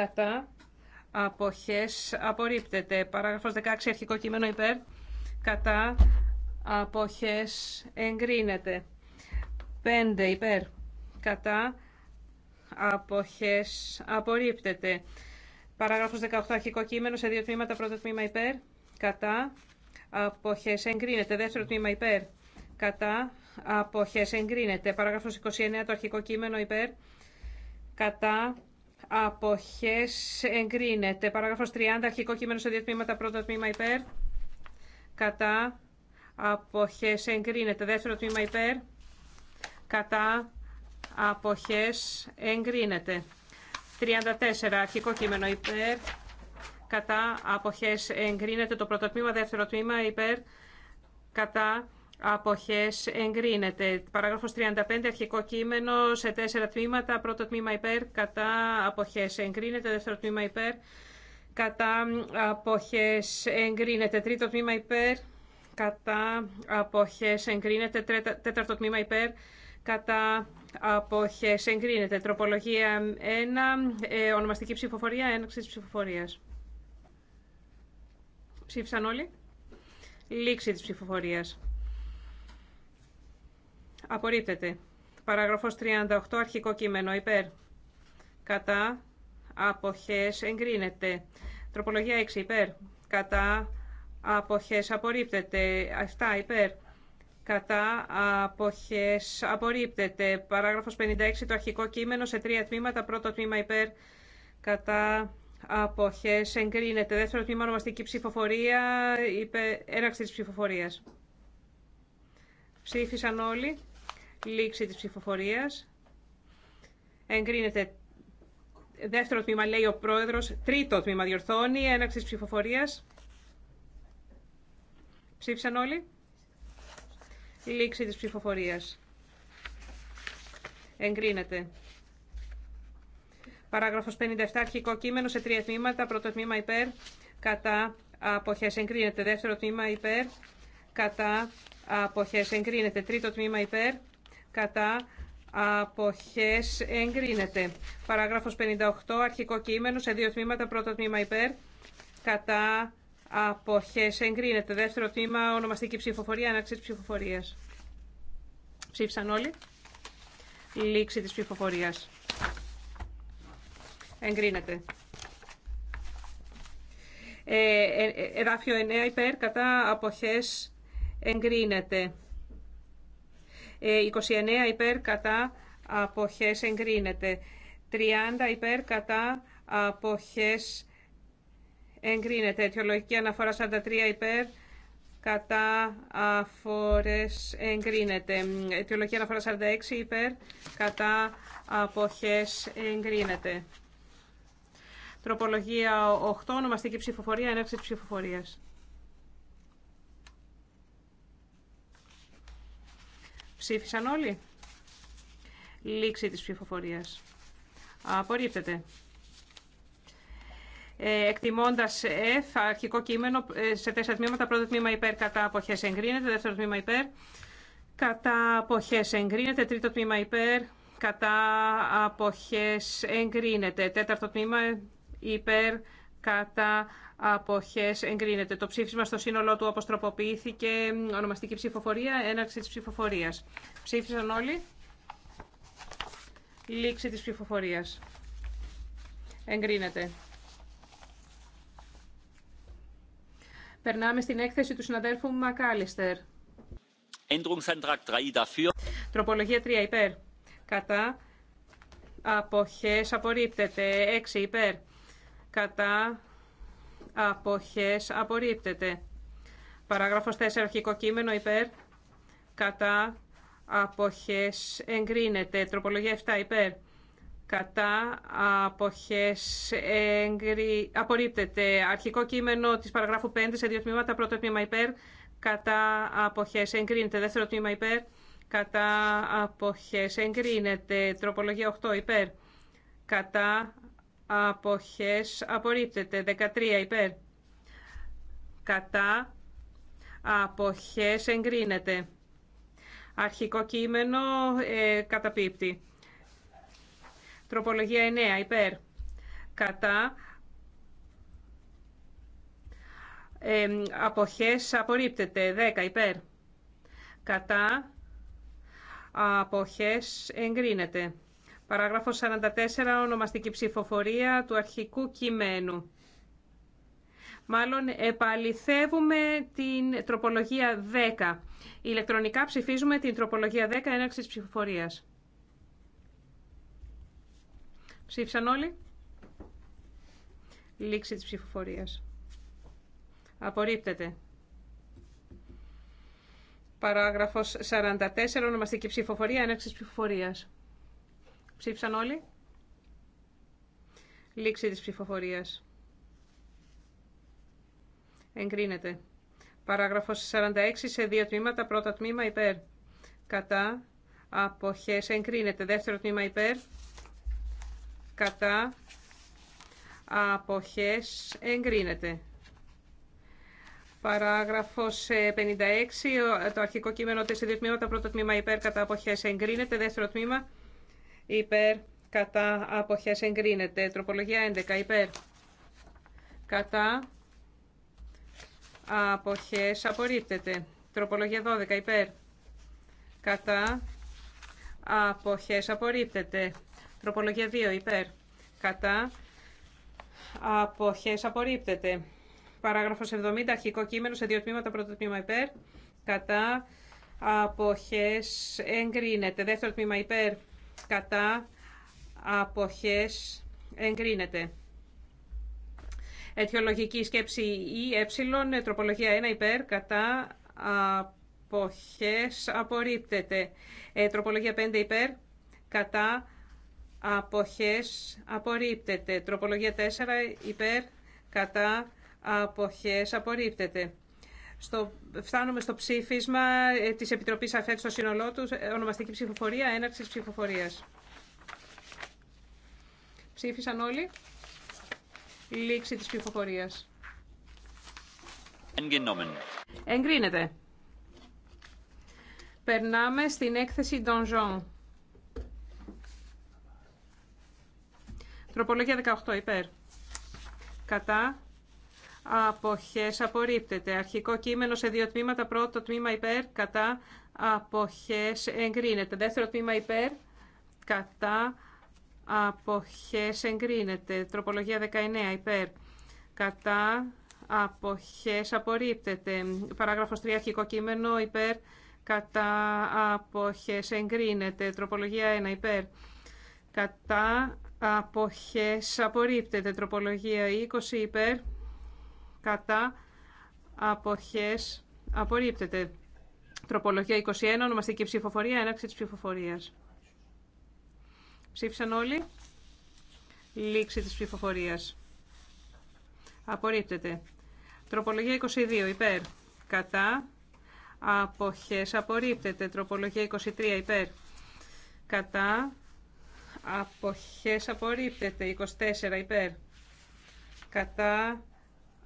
κατά, αποχές, απορρίπτεται. Παράγραφος 16, αρχικό κείμενο υπέρ, κατά, αποχές, εγκρίνεται. 5 υπέρ, κατά, αποχές, απορρίπτεται. Παράγραφος 18, αρχικό κείμενο σε δύο τμήματα, πρώτο τμήμα υπέρ, κατά, αποχές, εγκρίνεται. Δεύτερο τμήμα υπέρ, κατά, αποχές, εγκρίνεται. Παράγραφος 29, το αρχικό κείμενο υπέρ, κατά, Αποχέ. εγκρίνεται. Παράγραφο 30, αρχικό κείμενο σε δύο τμήματα, πρώτο τμήμα υπέρ, κατά, απόχέ. εγκρίνεται. Δεύτερο τμήμα υπέρ, κατά, Αποχέ εγκρίνεται. 34, αρχικό κείμενο υπέρ, κατά, απόχέ. εγκρίνεται. Το πρώτο τμήμα, δεύτερο τμήμα υπέρ, κατά, Αποχές εγκρίνεται. Παράγραφος 35, αρχικό κείμενο σε τέσσερα τμήματα. Πρώτο τμήμα υπέρ, κατά αποχές εγκρίνεται. Δεύτερο τμήμα υπέρ, κατά αποχές εγκρίνεται. Τρίτο τμήμα υπέρ, κατά αποχές εγκρίνεται. Τέταρτο τμήμα υπέρ, κατά αποχές εγκρίνεται. Τροπολογία 1, ε, ονομαστική ψηφοφορία, έναξη της ψηφοφορίας. Ψήφισαν όλοι. Λήξη της ψηφοφορίας. Απορρίπτεται. Παραγραφός 38, αρχικό κείμενο, υπέρ. Κατά, αποχές, εγκρίνεται. Τροπολογία 6, υπέρ. Κατά, αποχές, απορρίπτεται. 7, υπέρ. Κατά, αποχές, απορρίπτεται. Παράγραφος 56, το αρχικό κείμενο, σε τρία τμήματα. Πρώτο τμήμα, υπέρ. Κατά, αποχές, εγκρίνεται. Δεύτερο τμήμα, ονομαστική ψηφοφορία, υπέρ, έναξη της ψηφοφορίας. Ψήφισαν όλοι. Λήξη της ψηφοφορίας. Εγκρίνεται δεύτερο τμήμα, λέει ο πρόεδρος. Τρίτο τμήμα διορθώνει. Έναξη της ψηφοφορίας. Ψήφισαν όλοι. Λήξη της ψηφοφορίας. Εγκρίνεται. Παράγραφος 57, αρχικό κείμενο σε τρία τμήματα. Πρώτο τμήμα υπέρ, κατά αποχές εγκρίνεται. Δεύτερο τμήμα υπέρ, κατά αποχές εγκρίνεται. Τρίτο τμήμα υπέρ, κατά αποχές εγκρίνεται. Παράγραφος 58, αρχικό κείμενο σε δύο τμήματα, πρώτο τμήμα υπέρ, κατά αποχές εγκρίνεται. Δεύτερο τμήμα, ονομαστική ψηφοφορία, αναξή τη ψηφοφορίας. Ψήφισαν όλοι. Λήξη της ψηφοφορίας. Εγκρίνεται. Ε, ε, ε εδάφιο 9 υπέρ, κατά αποχές εγκρίνεται. 29 ε, υπέρ κατά αποχές εγκρίνεται. 30 υπέρ κατά αποχές εγκρίνεται. Αιτιολογική αναφορά 43 υπέρ κατά αφορές εγκρίνεται. Αιτιολογική αναφορά 46 υπέρ κατά αποχές εγκρίνεται. Τροπολογία 8, ονομαστική ψηφοφορία, έναρξη ψηφοφορίας. Ψήφισαν όλοι. Λήξη της ψηφοφορίας. Απορρίπτεται. Ε, εκτιμώντας F, ε, αρχικό κείμενο, ε, σε τέσσερα τμήματα, πρώτο τμήμα υπέρ κατά αποχές εγκρίνεται, δεύτερο τμήμα υπέρ κατά αποχές εγκρίνεται, τρίτο τμήμα υπέρ κατά αποχές εγκρίνεται, τέταρτο τμήμα υπέρ κατά αποχές εγκρίνεται. Το ψήφισμα στο σύνολό του όπως τροποποιήθηκε ονομαστική ψηφοφορία, έναρξη της ψηφοφορίας. Ψήφισαν όλοι. Λήξη της ψηφοφορίας. Εγκρίνεται. Περνάμε στην έκθεση του συναδέλφου Μακάλιστερ. Τροπολογία 3 υπέρ. Κατά. Αποχές απορρίπτεται. 6 υπέρ κατά αποχές απορρίπτεται. Παράγραφος 4 αρχικό κείμενο υπέρ κατά αποχές εγκρίνεται. Τροπολογία 7 υπέρ κατά αποχές εγκρι... απορρίπτεται. Αρχικό κείμενο της παραγράφου 5 σε δύο τμήματα. Πρώτο τμήμα υπέρ κατά αποχές εγκρίνεται. Δεύτερο τμήμα υπέρ κατά αποχές εγκρίνεται. Τροπολογία 8 υπέρ κατά αποχές απορρίπτεται 13 υπέρ κατά αποχές εγκρίνεται αρχικό κείμενο ε, καταπίπτει τροπολογία 9 υπέρ κατά ε, αποχές απορρίπτεται 10 υπέρ κατά αποχές εγκρίνεται Παράγραφος 44, ονομαστική ψηφοφορία του αρχικού κειμένου. Μάλλον επαληθεύουμε την τροπολογία 10. Ηλεκτρονικά ψηφίζουμε την τροπολογία 10 έναρξης ψηφοφορίας. Ψήφισαν όλοι. Λήξη της ψηφοφορίας. Απορρίπτεται. Παράγραφος 44, ονομαστική ψηφοφορία έναρξης ψηφοφορίας. Ψήφισαν όλοι. Λήξη της ψηφοφορίας. Εγκρίνεται. Παράγραφος 46 σε δύο τμήματα. Πρώτο τμήμα υπέρ. Κατά. Αποχές. Εγκρίνεται. Δεύτερο τμήμα υπέρ. Κατά. Αποχές. Εγκρίνεται. Παράγραφος 56. Το αρχικό κείμενο σε δύο τμήματα. Πρώτο τμήμα υπέρ. Κατά. Αποχές. Εγκρίνεται. Δεύτερο τμήμα υπέρ, κατά, αποχές εγκρίνεται. Τροπολογία 11, υπέρ, κατά, αποχές απορρίπτεται. Τροπολογία 12, υπέρ, κατά, αποχές απορρίπτεται. Τροπολογία 2, υπέρ, κατά, αποχές απορρίπτεται. Παράγραφος 70, αρχικό κείμενο σε δύο τμήματα, πρώτο τμήμα υπέρ, κατά, αποχές εγκρίνεται. Δεύτερο τμήμα υπέρ, κατά αποχές εγκρίνεται. Αιτιολογική σκέψη ή ε, τροπολογία 1 υπέρ, κατά αποχές απορρίπτεται. Ε, τροπολογία 5 υπέρ, κατά αποχές απορρίπτεται. Τροπολογία 4 υπέρ, κατά αποχές απορρίπτεται. Στο, φτάνουμε στο ψήφισμα ε, της Επιτροπής ΑΦΕΤ στο σύνολό του, ε, ονομαστική ψηφοφορία, έναρξη ψηφοφορίας. Ψήφισαν όλοι. Λήξη της ψηφοφορίας. Εγκρίνεται. Περνάμε στην έκθεση Donjon. Τροπολογία 18 υπέρ. Κατά αποχές απορρίπτεται. Αρχικό κείμενο σε δύο τμήματα. Πρώτο τμήμα υπέρ, κατά, αποχές εγκρίνεται. Δεύτερο τμήμα υπέρ, κατά, αποχές εγκρίνεται. Τροπολογία 19 υπέρ, κατά, αποχές απορρίπτεται. Παράγραφος 3 αρχικό κείμενο υπέρ, κατά, αποχές εγκρίνεται. Τροπολογία 1 υπέρ, κατά, αποχές απορρίπτεται. Τροπολογία 20 υπέρ, κατά αποχές απορρίπτεται. Τροπολογία 21, ονομαστική ψηφοφορία, έναρξη της ψηφοφορίας. Ψήφισαν όλοι. Λήξη της ψηφοφορίας. Απορρίπτεται. Τροπολογία 22, υπέρ. Κατά. Αποχές. Απορρίπτεται. Τροπολογία 23, υπέρ. Κατά. Αποχές. Απορρίπτεται. 24, υπέρ. Κατά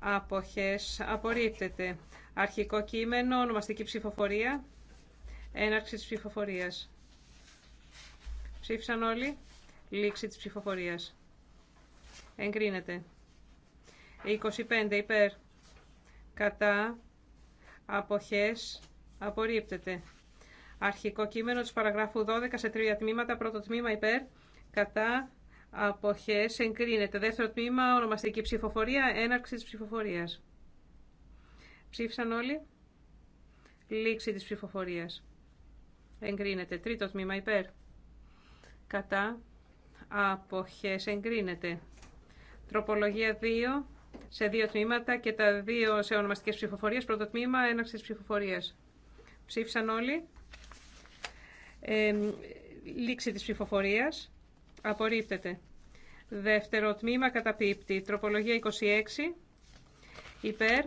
αποχές απορρίπτεται. Αρχικό κείμενο, ονομαστική ψηφοφορία, έναρξη της ψηφοφορίας. Ψήφισαν όλοι, λήξη της ψηφοφορίας. Εγκρίνεται. 25 υπέρ, κατά, αποχές, απορρίπτεται. Αρχικό κείμενο της παραγράφου 12 σε τρία τμήματα, πρώτο τμήμα υπέρ, κατά, αποχές εγκρίνεται. Δεύτερο τμήμα, ονομαστική ψηφοφορία, έναρξη τη ψηφοφορίας. Ψήφισαν όλοι. Λήξη της ψηφοφορίας. Εγκρίνεται. Τρίτο τμήμα, υπέρ. Κατά αποχές εγκρίνεται. Τροπολογία 2 σε δύο τμήματα και τα δύο σε ονομαστικές ψηφοφορίες. Πρώτο τμήμα, έναρξη της ψηφοφορίας. Ψήφισαν όλοι. Ε, λήξη της ψηφοφορίας. Απορρίπτεται. Δεύτερο τμήμα καταπίπτει. Τροπολογία 26. Υπέρ.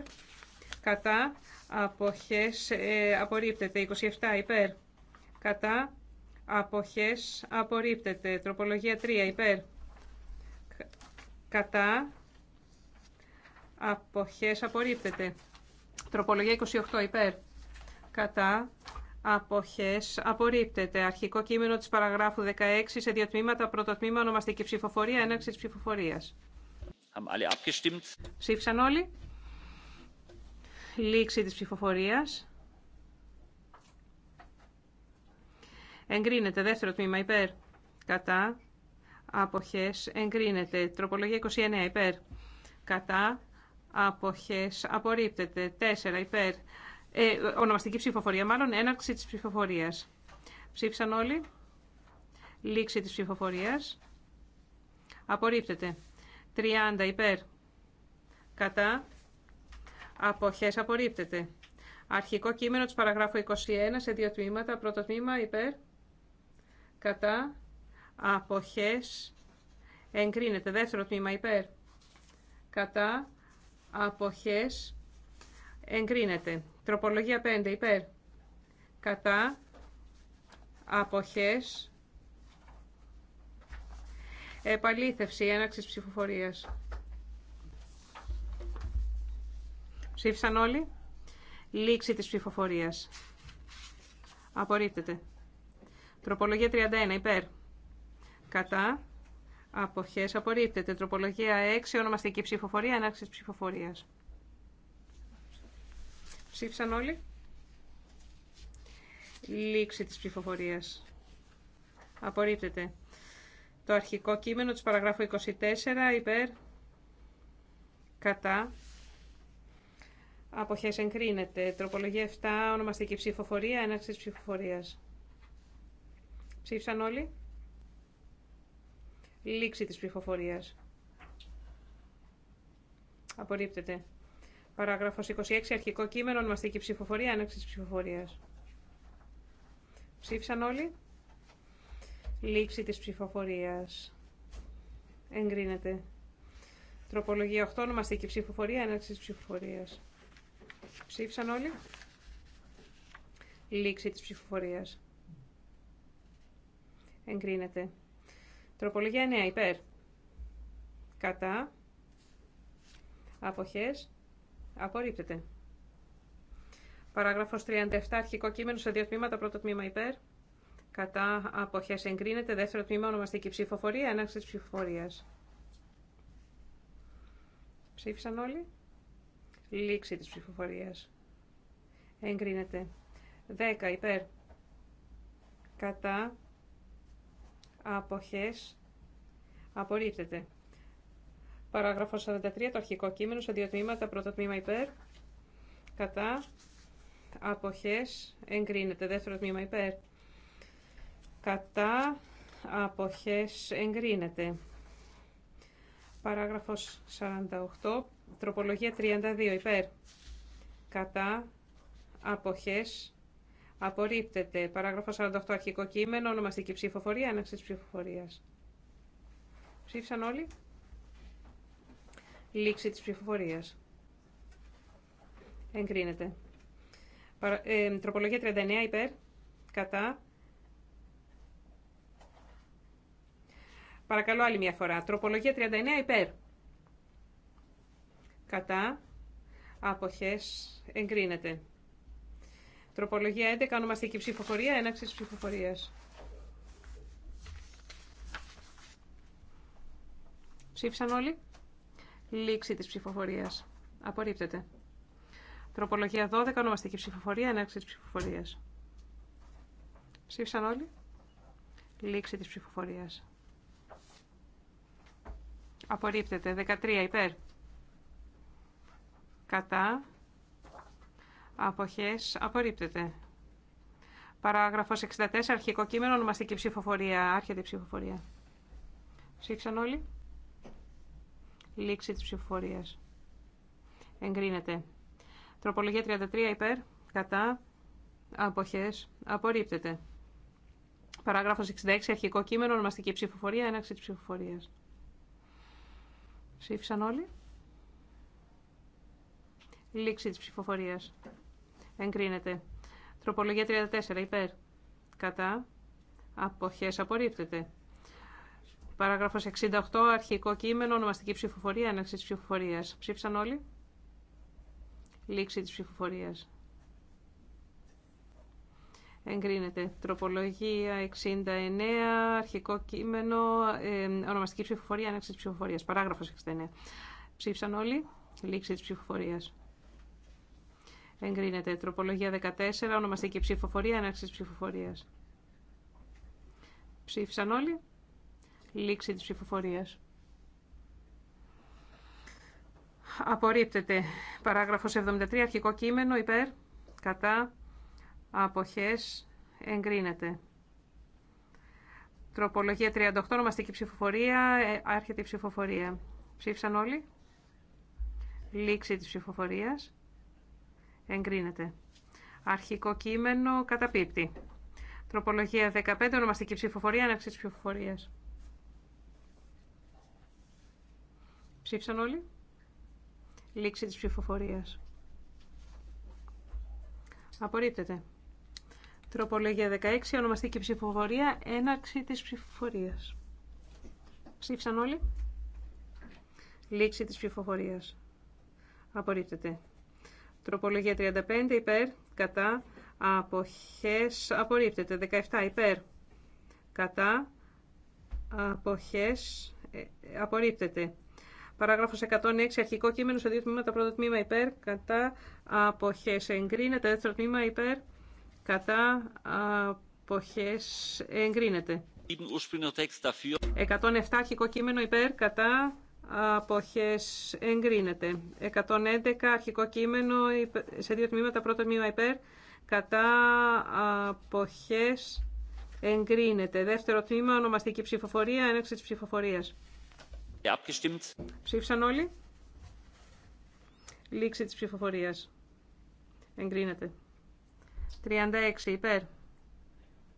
Κατά. Αποχές. Ε, απορρίπτεται. 27. Υπέρ. Κατά. Αποχές. Απορρίπτεται. Τροπολογία 3. Υπέρ. Κατά. Αποχές. Απορρίπτεται. Τροπολογία 28. Υπέρ. Κατά. Αποχές. Απορρίπτεται. Αρχικό κείμενο της παραγράφου 16 σε δύο τμήματα. Πρώτο τμήμα ονομαστική ψηφοφορία. Έναρξη της ψηφοφορίας. Ψήφισαν όλοι. Λήξη της ψηφοφορίας. Εγκρίνεται. Δεύτερο τμήμα. Υπέρ. Κατά. Αποχές. Εγκρίνεται. Τροπολογία 29. Υπέρ. Κατά. Αποχές. Απορρίπτεται. 4. Υπέρ. Ε, ονομαστική ψηφοφορία, μάλλον έναρξη της ψηφοφορίας. Ψήφισαν όλοι. Λήξη της ψηφοφορίας. Απορρίπτεται. 30 υπέρ. Κατά. Αποχές απορρίπτεται. Αρχικό κείμενο της παραγράφου 21 σε δύο τμήματα. Πρώτο τμήμα υπέρ. Κατά. Αποχές. Εγκρίνεται. Δεύτερο τμήμα υπέρ. Κατά. Αποχές. Εγκρίνεται. Τροπολογία 5 υπέρ. Κατά αποχές επαλήθευση έναξης ψηφοφορίας. Ψήφισαν όλοι. Λήξη της ψηφοφορίας. Απορρίπτεται. Τροπολογία 31 υπέρ. Κατά. Αποχές απορρίπτεται. Τροπολογία 6 ονομαστική ψηφοφορία έναξης ψηφοφορίας. Ψήφισαν όλοι. Λήξη της ψηφοφορίας. Απορρίπτεται. Το αρχικό κείμενο της παραγράφου 24 υπέρ κατά αποχές εγκρίνεται. Τροπολογία 7 ονομαστική ψηφοφορία, έναρξη της ψηφοφορίας. Ψήφισαν όλοι. Λήξη της ψηφοφορίας. Απορρίπτεται. Παράγραφος 26. Αρχικό κείμενο. Ονομαστική ψηφοφορία. Άνοιξη ψηφοφορίας. Ψήφισαν όλοι. Λήξη τη ψηφοφορία. Εγκρίνεται. Τροπολογία 8. Ονομαστική ψηφοφορία. Έναρξη της ψηφοφορίας. Ψήφισαν όλοι. Λήξη τη ψηφοφορία. Εγκρίνεται. Τροπολογία 9. Υπέρ. Κατά. Αποχές. Απορρίπτεται. Παράγραφος 37. Αρχικό κείμενο σε δύο τμήματα. Πρώτο τμήμα υπέρ. Κατά αποχές εγκρίνεται. Δεύτερο τμήμα ονομαστική ψηφοφορία. Ένάξη της ψηφοφορίας. Ψήφισαν όλοι. Λήξη της ψηφοφορίας. Εγκρίνεται. 10 υπέρ. Κατά αποχές απορρίπτεται. Παράγραφο 43, το αρχικό κείμενο σε δύο τμήματα. Πρώτο τμήμα υπέρ, κατά, αποχές, εγκρίνεται. Δεύτερο τμήμα υπέρ, κατά, αποχές, εγκρίνεται. Παράγραφος 48, τροπολογία 32 υπέρ, κατά, αποχές, απορρίπτεται. Παράγραφο 48, αρχικό κείμενο, ονομαστική ψηφοφορία, έναξη της ψηφοφορίας. Ψήφισαν όλοι. Λήξη της ψηφοφορίας. Εγκρίνεται. τροπολογία 39 υπέρ. Κατά. Παρακαλώ άλλη μια φορά. Τροπολογία 39 υπέρ. Κατά. Αποχές. Εγκρίνεται. Τροπολογία 11. Ονομαστική ψηφοφορία. Έναξη της ψηφοφορίας. Ψήφισαν όλοι. Λήξη της ψηφοφορίας. Απορρίπτεται. Τροπολογία 12, ονομαστική ψηφοφορία, έναρξη της ψηφοφορίας. Ψήφισαν όλοι. Λήξη της ψηφοφορίας. Απορρίπτεται. 13 υπέρ. Κατά. Αποχέ. Απορρίπτεται. Παράγραφος 64. Αρχικό κείμενο. Ονομαστική ψηφοφορία. Άρχεται η ψηφοφορία. Ψήφισαν όλοι. Λήξη της ψηφοφορίας. Εγκρίνεται. Τροπολογία 33 υπέρ, κατά, αποχές, απορρίπτεται. Παράγραφος 66, αρχικό κείμενο, ονομαστική ψηφοφορία, έναξη της ψηφοφορίας. Ψήφισαν όλοι. Λήξη της ψηφοφορίας. Εγκρίνεται. Τροπολογία 34 υπέρ, κατά, αποχές, απορρίπτεται. Παράγραφος 68, αρχικό κείμενο, ονομαστική ψηφοφορία, έναρξη της ψηφοφορίας. Ψήφισαν όλοι. Λήξη της ψηφοφορίας. Εγκρίνεται. Τροπολογία 69, αρχικό κείμενο, ε, ονομαστική ψηφοφορία, έναρξη της ψηφοφορίας. Παράγραφος 69. Ψήφισαν όλοι. Λήξη της ψηφοφορίας. Εγκρίνεται. Τροπολογία 14, ονομαστική ψηφοφορία, έναρξη της ψηφοφορίας. Ψήφισαν όλοι. Λήξη της ψηφοφορία. Απορρίπτεται. Παράγραφος 73. Αρχικό κείμενο. Υπέρ. Κατά. Αποχές. Εγκρίνεται. Τροπολογία 38. Ονομαστική ψηφοφορία. Ε, άρχεται η ψηφοφορία. Ψήφισαν όλοι. Λήξη της ψηφοφορίας. Εγκρίνεται. Αρχικό κείμενο. Καταπίπτει. Τροπολογία 15. Ονομαστική ψηφοφορία. Αναξή της ψηφοφορία. Ψήφισαν όλοι. Λήξη της ψηφοφορίας. Απορρίπτεται. Τροπολογία 16, ονομαστική ψηφοφορία, έναρξη της ψηφοφορίας. Ψήφισαν όλοι. Λήξη της ψηφοφορίας. Απορρίπτεται. Τροπολογία 35, υπέρ, κατά, αποχές, απορρίπτεται. 17, υπέρ, κατά, αποχές, ε, απορρίπτεται. Παράγραφος 106, αρχικό κείμενο σε δύο τμήματα, πρώτο τμήμα υπέρ, κατά, αποχές εγκρίνεται, δεύτερο τμήμα υπέρ, κατά, αποχές εγκρίνεται. 107, αρχικό κείμενο υπέρ, κατά, αποχές εγκρίνεται. 111, αρχικό κείμενο σε δύο τμήματα, πρώτο τμήμα υπέρ, κατά, αποχές εγκρίνεται. Δεύτερο τμήμα, ονομαστική ψηφοφορία, έναρξη τη ψηφοφορία. Ψήφισαν όλοι. Λήξη της ψηφοφορίας. Εγκρίνεται. 36 υπέρ.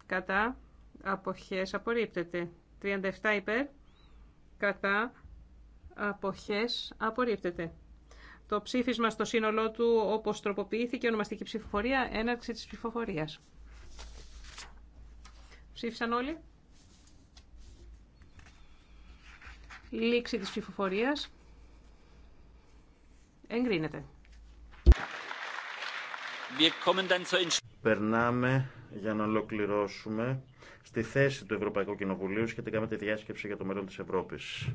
Κατά. Αποχές απορρίπτεται. 37 υπέρ. Κατά. Αποχές απορρίπτεται. Το ψήφισμα στο σύνολό του όπως τροποποιήθηκε ονομαστική ψηφοφορία, έναρξη της ψηφοφορίας. Ψήφισαν όλοι. Λήξη της ψηφοφορίας. Εγκρίνεται. Περνάμε για να ολοκληρώσουμε στη θέση του Ευρωπαϊκού Κοινοβουλίου σχετικά με τη διάσκεψη για το μέλλον της Ευρώπης.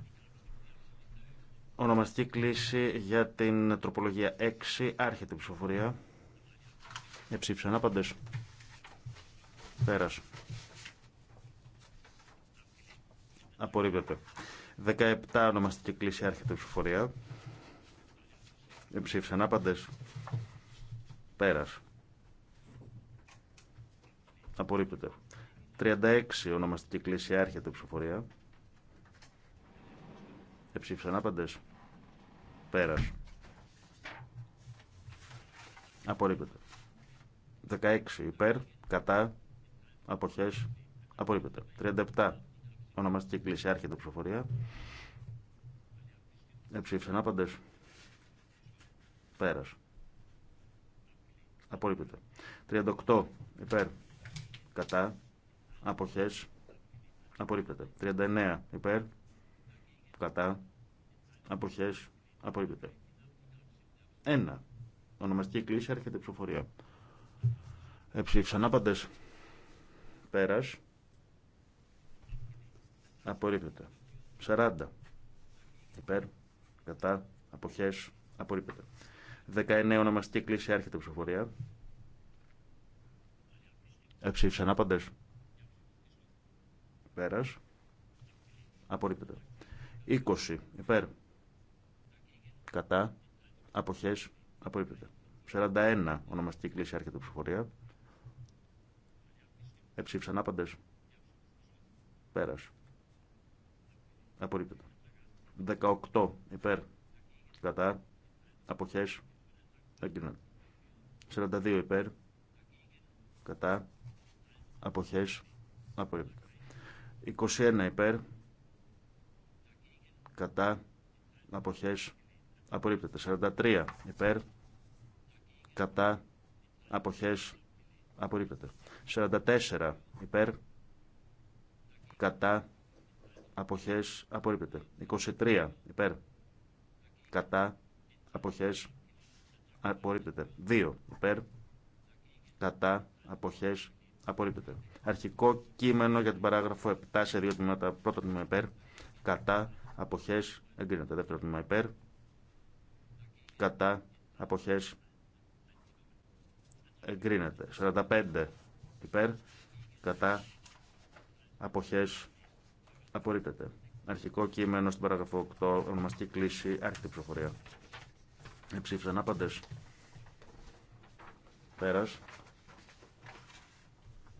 Ονομαστική κλίση για την τροπολογία 6. Άρχεται η ψηφοφορία. Εψήφισαν άπαντες. Πέρασε. Απορρίπτεται. 17 ονομαστική κλίση άρχεται ψηφοφορία. Εψήφισαν άπαντες. Πέρας. Απορρίπτεται. 36 ονομαστική κλίση άρχεται ψηφοφορία. Εψήφισαν άπαντες. Πέρας. Απορρίπτεται. 16 υπέρ, κατά, αποχές, απορρίπτεται. 37 Ονομαστική κλίση, άρχεται ψηφοφορία. Εψήφισαν άπαντε. Πέρα. Απορρίπτεται. 38 υπέρ. Κατά. Αποχέ. Απορρίπτεται. 39 υπέρ. Κατά. Αποχέ. Απορρίπτεται. 1. Ονομαστική κλίση, άρχεται ψηφοφορία. Εψήφισαν άπαντε. Πέρας απορρίπτεται. 40 υπέρ, κατά, αποχές, απορρίπτεται. 19 ονομαστική κλίση άρχεται ψηφοφορία. Εψήφισαν άπαντες. Πέρας. Απορρίπτεται. 20 υπέρ. Κατά. Αποχές. Απορρίπτεται. 41 ονομαστική κλίση άρχεται ψηφοφορία. Εψήφισαν άπαντες. Πέρας. Απορρίπτεται. 18 υπέρ. Κατά. Αποχές. έγκριναν. 42 υπέρ. Κατά. απόχέ Απορρίπτεται. 21 υπέρ. Κατά. αποχέ, Απορρίπτεται. 43 υπέρ. Κατά. απόχέ, Απορρίπτεται. 44 υπέρ. Κατά αποχές απορρίπτεται. 23 υπέρ κατά αποχές απορρίπτεται. 2 υπέρ κατά αποχές απορρίπτεται. Αρχικό κείμενο για την παράγραφο 7 σε δύο τμήματα. Πρώτο τμήμα υπέρ κατά αποχές εγκρίνεται. Δεύτερο τμήμα υπέρ κατά αποχές εγκρίνεται. 45 υπέρ κατά αποχές Απορρίπτεται. Αρχικό κείμενο στην παραγραφό 8, ονομαστική κλίση, άρχιτη ψηφοφορία. Εψήφισαν άπαντε. Πέρα.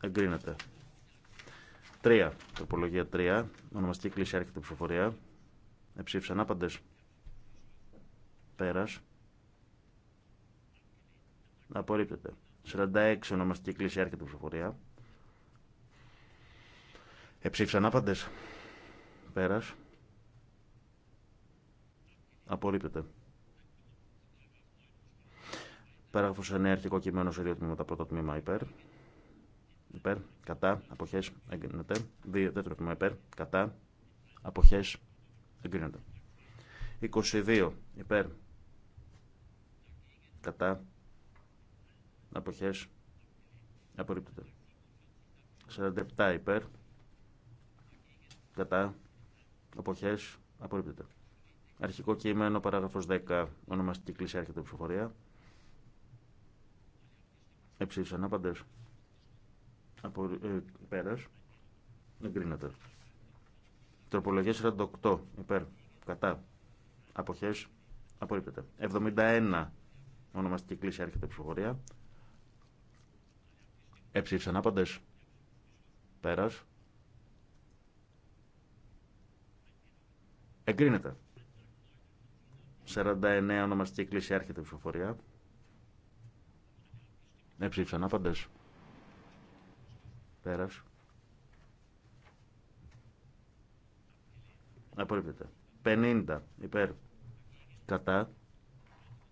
Εγκρίνεται. 3. Τροπολογία 3. Ονομαστική κλίση, άρχιτη ψηφοφορία. Εψήφισαν άπαντε. Πέρα. Απορρίπτεται. 46. Ονομαστική κλίση, άρχιτη ψηφοφορία. Εψήφισαν άπαντε. Πέρας. Απορρίπτεται. Πέραγραφος 9 αρχικό κειμένο σε δύο τμήματα. Πρώτο τμήμα υπέρ. Υπέρ. Κατά. Αποχές. Εγκρίνεται. Δύο, δεύτερο τμήμα υπέρ. Κατά. Αποχές. Εγκρίνεται. 22 υπέρ. Κατά. Αποχές. Απορρίπτεται. 47 υπέρ. Κατά. Αποχές. Απορρίπτεται. Αρχικό κείμενο, παράγραφος 10, ονομαστική κλίση, έρχεται η ψηφοφορία. Εψήφισαν άπαντες. Απο... Ε, πέρας. Εγκρίνεται. Τροπολογία 48. Υπέρ. Κατά. αποχέ, Απορρίπτεται. 71. Ονομαστική κλίση έρχεται ψηφοφορία. Έψηφισαν απαντέ. Πέρας. Εγκρίνεται. 49 ονομαστική κλίση έρχεται η ψηφοφορία. Έψηφισαν ε, άπαντες. Πέρας. Απορρίπτεται. 50 υπέρ. Κατά.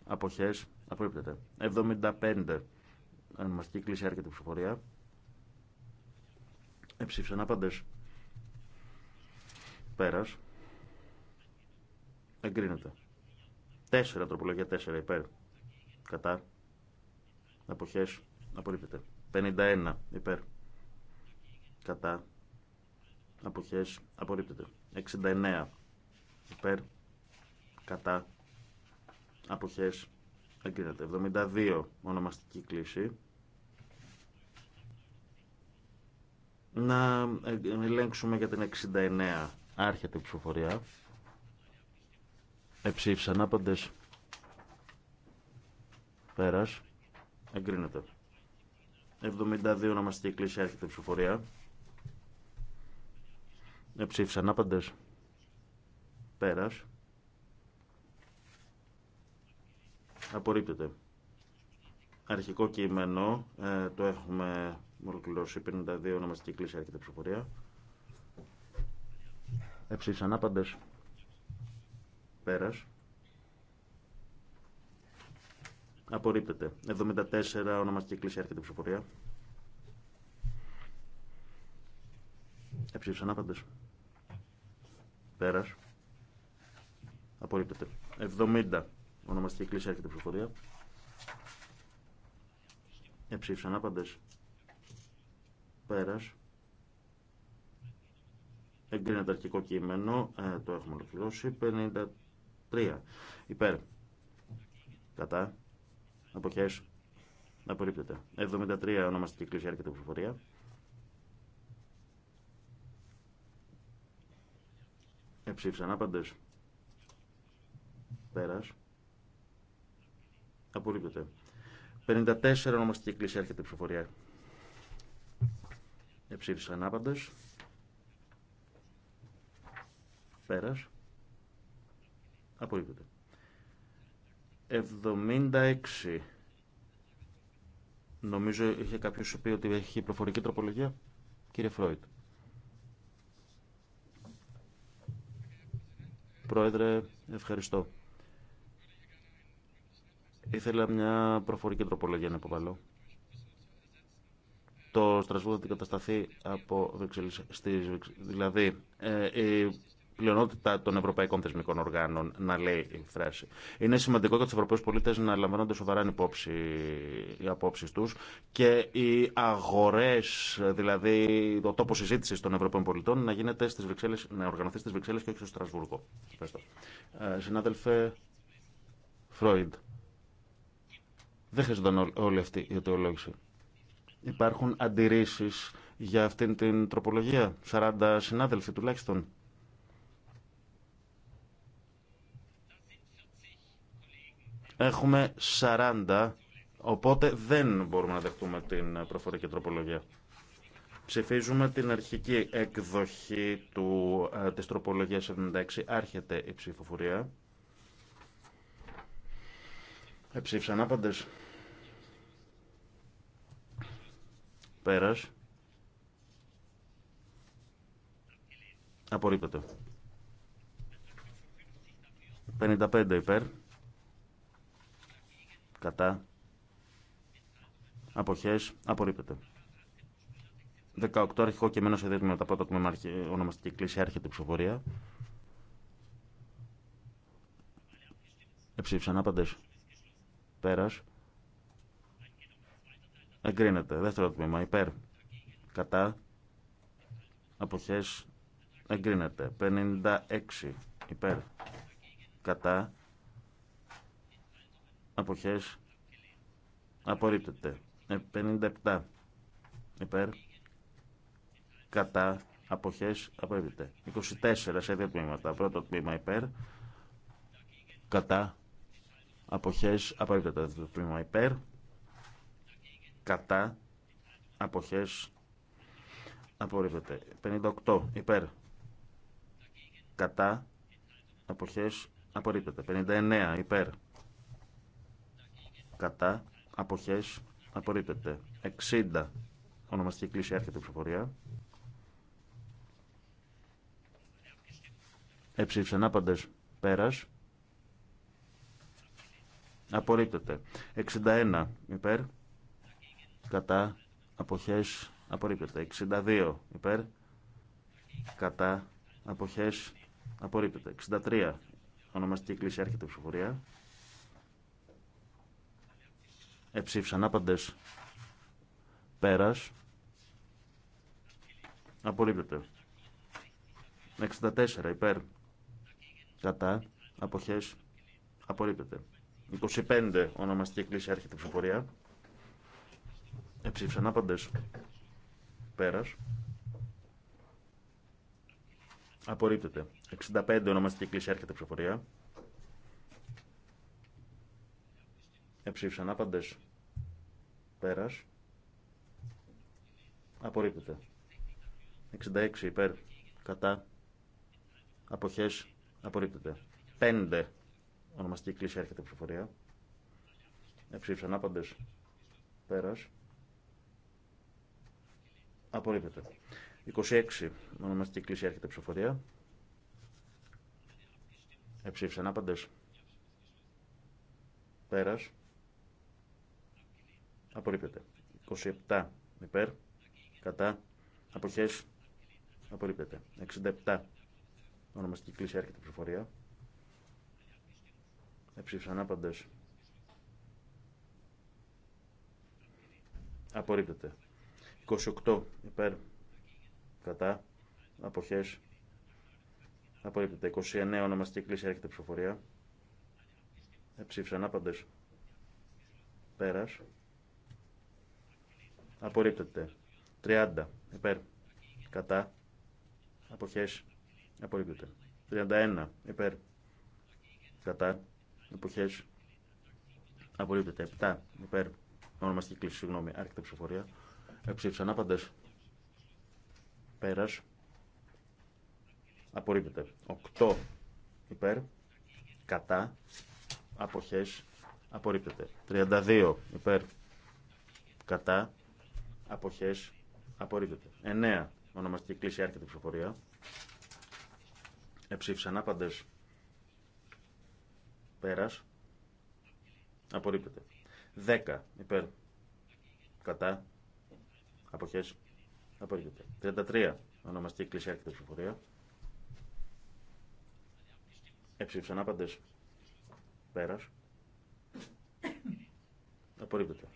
Αποχές. Απορρίπτεται. 75 ονομαστική κλίση έρχεται η ψηφοφορία. Έψηφισαν ε, άπαντες. Πέρας. Εγκρίνεται. Τέσσερα τροπολογία τέσσερα υπέρ. Κατά. Αποχέ. Απορρίπτεται. 51 υπέρ. Κατά. Αποχέ. Απορρίπτεται. 69 υπέρ. Κατά. Αποχέ. Εγκρίνεται. 72 ονομαστική κλίση. Να ελέγξουμε για την 69. Άρχεται η ψηφοφορία. Εψήφισαν άπαντες. πέρα, Εγκρίνεται. 72 να μας εκκλησία έρχεται ψηφοφορία. Εψήφισαν άπαντες. πέρα. Απορρίπτεται. Αρχικό κείμενο, ε, το έχουμε ολοκληρώσει 52 να μας εκκλησία έρχεται ψηφοφορία. Εψήφισαν άπαντες πέρας. Απορρίπτεται. 74 ονομαστική εκκλησία έρχεται η ψηφοφορία. Έψηφισαν άπαντες. Πέρας. Απορρίπτεται. 70 ονομαστική εκκλησία έρχεται η ψηφοφορία. Έψηφισαν άπαντες. Πέρας. Εγκρίνεται αρχικό κείμενο, ε, το έχουμε ολοκληρώσει. 3. Υπέρ. Κατά. Αποχέ. Απορρίπτεται. 73 ονομαστική κλίση έρχεται ψηφοφορία. Εψήφισαν άπαντες. Πέρας. Απορρίπτεται. 54 ονομαστική κλίση έρχεται ψηφοφορία. Εψήφισαν άπαντες. Πέρας απολύτω. 76. Νομίζω είχε κάποιο σου πει ότι έχει προφορική τροπολογία. Κύριε Φρόιτ. Πρόεδρε, ευχαριστώ. Ήθελα μια προφορική τροπολογία να υποβαλώ. Το Στρασβούργο θα κατασταθεί από Βεξελίσσα. Δηλαδή, ε, η πλειονότητα των ευρωπαϊκών θεσμικών οργάνων να λέει η φράση. Είναι σημαντικό για του Ευρωπαίου πολίτε να λαμβάνονται σοβαρά υπόψη οι απόψει του και οι αγορέ, δηλαδή το τόπο συζήτηση των Ευρωπαίων πολιτών να, γίνεται στις Βρυξέλλες, να οργανωθεί στι Βρυξέλλε και όχι στο Στρασβούργο. Ε, συνάδελφε Φρόιντ, δεν χρειάζονταν όλη αυτή η αιτιολόγηση. Υπάρχουν αντιρρήσει για αυτήν την τροπολογία. 40 συνάδελφοι τουλάχιστον. Έχουμε 40, οπότε δεν μπορούμε να δεχτούμε την προφορική τροπολογία. Ψηφίζουμε την αρχική εκδοχή του, ε, της τροπολογίας 76. Άρχεται η ψηφοφορία. Εψήφισαν άπαντες. Πέρας. Απορρίπτεται. 55 υπέρ. Κατά. Αποχές. Απορρίπτεται. 18 αρχικό κειμένο σε με τα πρώτα τμήμα ονομαστική κλίση άρχεται η ψηφοφορία. Εψήφισαν άπαντες. Πέρας. Εγκρίνεται. Δεύτερο τμήμα. Υπέρ. Κατά. Αποχές. Εγκρίνεται. 56. Υπέρ. Κατά αποχές απορρίπτεται 57 ε, υπέρ κατά αποχές απορρίπτεται 24 σε δύο τμήματα πρώτο τμήμα υπέρ κατά αποχές απορρίπτεται δεύτερο τμήμα υπέρ κατά αποχές απορρίπτεται 58 υπέρ κατά αποχές απορρίπτεται 59 υπέρ κατά, αποχές, απορρίπτεται. 60, ονομαστική κλίση, έρχεται η ψηφοφορία. Εψήφισαν πάντες πέρας. Απορρίπτεται. 61, υπέρ, κατά, αποχές, απορρίπτεται. 62, υπέρ, κατά, αποχές, απορρίπτεται. 63, ονομαστική κλίση, έρχεται η ψηφοφορία. Εψήφισαν άπαντες πέρας. Απορρίπτεται. 64 υπέρ. Κατά. Αποχές. Απορρίπτεται. 25 ονομαστική κλίση έρχεται ψηφορία, Εψήφισαν άπαντες πέρας. Απορρίπτεται. 65 ονομαστική εκκλησία έρχεται ψηφοφορία. Εψήφισαν άπαντες. Πέρας. Απορρίπτεται. 66 υπέρ. Κατά. Αποχές. Απορρίπτεται. 5. Ονομαστική κλίση έρχεται ψηφοφορία. Εψήφισαν άπαντες. Πέρας. Απορρίπτεται. 26. Ονομαστική κλίση έρχεται ψηφοφορία. Εψήφισαν άπαντες. Πέρας. Απορρίπτεται. 27 υπέρ. Κατά. Αποχές. Απορρίπτεται. 67. Ονομαστική κλίση έρχεται ψηφοφορία. Εψήφισαν άπαντες. Απορρίπτεται. 28 υπέρ. Κατά. Αποχές. Απορρίπτεται. 29 ονομαστική κλίση έρχεται ψηφοφορία. Εψήφισαν άπαντες. Πέρας. Απορρίπτεται. 30 υπέρ. Κατά. Αποχές. Απορρίπτεται. 31 υπέρ. Κατά. Αποχές. Απορρίπτεται. 7 υπέρ. Ονομαστική κλίση, συγγνώμη, άρχεται ψηφοφορία. Εψήφισαν Απάντες. Πέρας. Απορρίπτεται. 8 υπέρ. Κατά. Αποχέ. Απορρίπτεται. 32 υπέρ. Κατά. Αποχές. Απορρίπτεται. 9. Ονομαστική κλίση άρχεται ψηφοφορία. Εψήφισαν άπαντε. πέρα, Απορρίπτεται. 10. Υπέρ. Κατά. αποχέ, Απορρίπτεται. 33. Ονομαστική κλίση άρχεται ψηφοφορία. Εψήφισαν άπαντε. πέρα. Απορρίπτεται.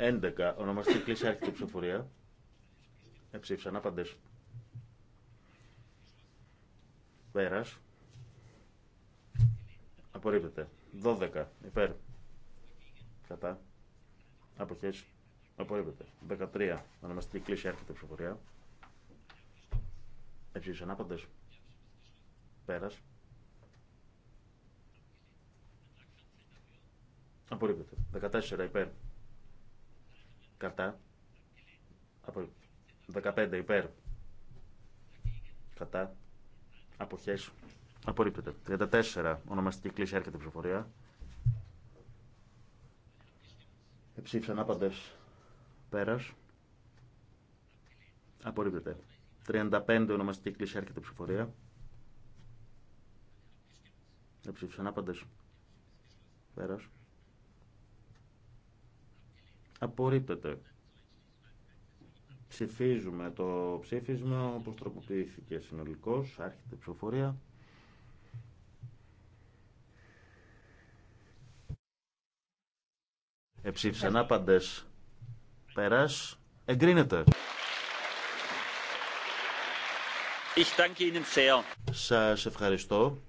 11. Ονομαστική κλίση άρχιτη ψηφοφορία. Εψήφισαν άπαντε. Πέρα. Απορρίπτεται. 12. Υπέρ. Κατά. Αποχέ. Απορρίπτεται. 13. Ονομαστική κλίση άρχιτη ψηφοφορία. Εψήφισαν άπαντε. Πέρα. Απορρίπτεται. 14. Υπέρ. Κατά. Από 15 υπέρ. Κατά. Αποχέ. Απορρίπτεται. 34. Ονομαστική κλίση έρχεται η ψηφοφορία. Εψήφισαν άπαντες. πέρα. Απορρίπτεται. 35. Ονομαστική κλίση έρχεται η ψηφοφορία. Εψήφισαν άπαντες. πέρα. Απορρίπτεται. Ψηφίζουμε το ψήφισμα όπως τροποποιήθηκε συνολικώς, άρχεται η ψηφοφορία. Εψήφισαν άπαντες πέρας. Εγκρίνεται. Ich danke Ihnen sehr. Σας ευχαριστώ.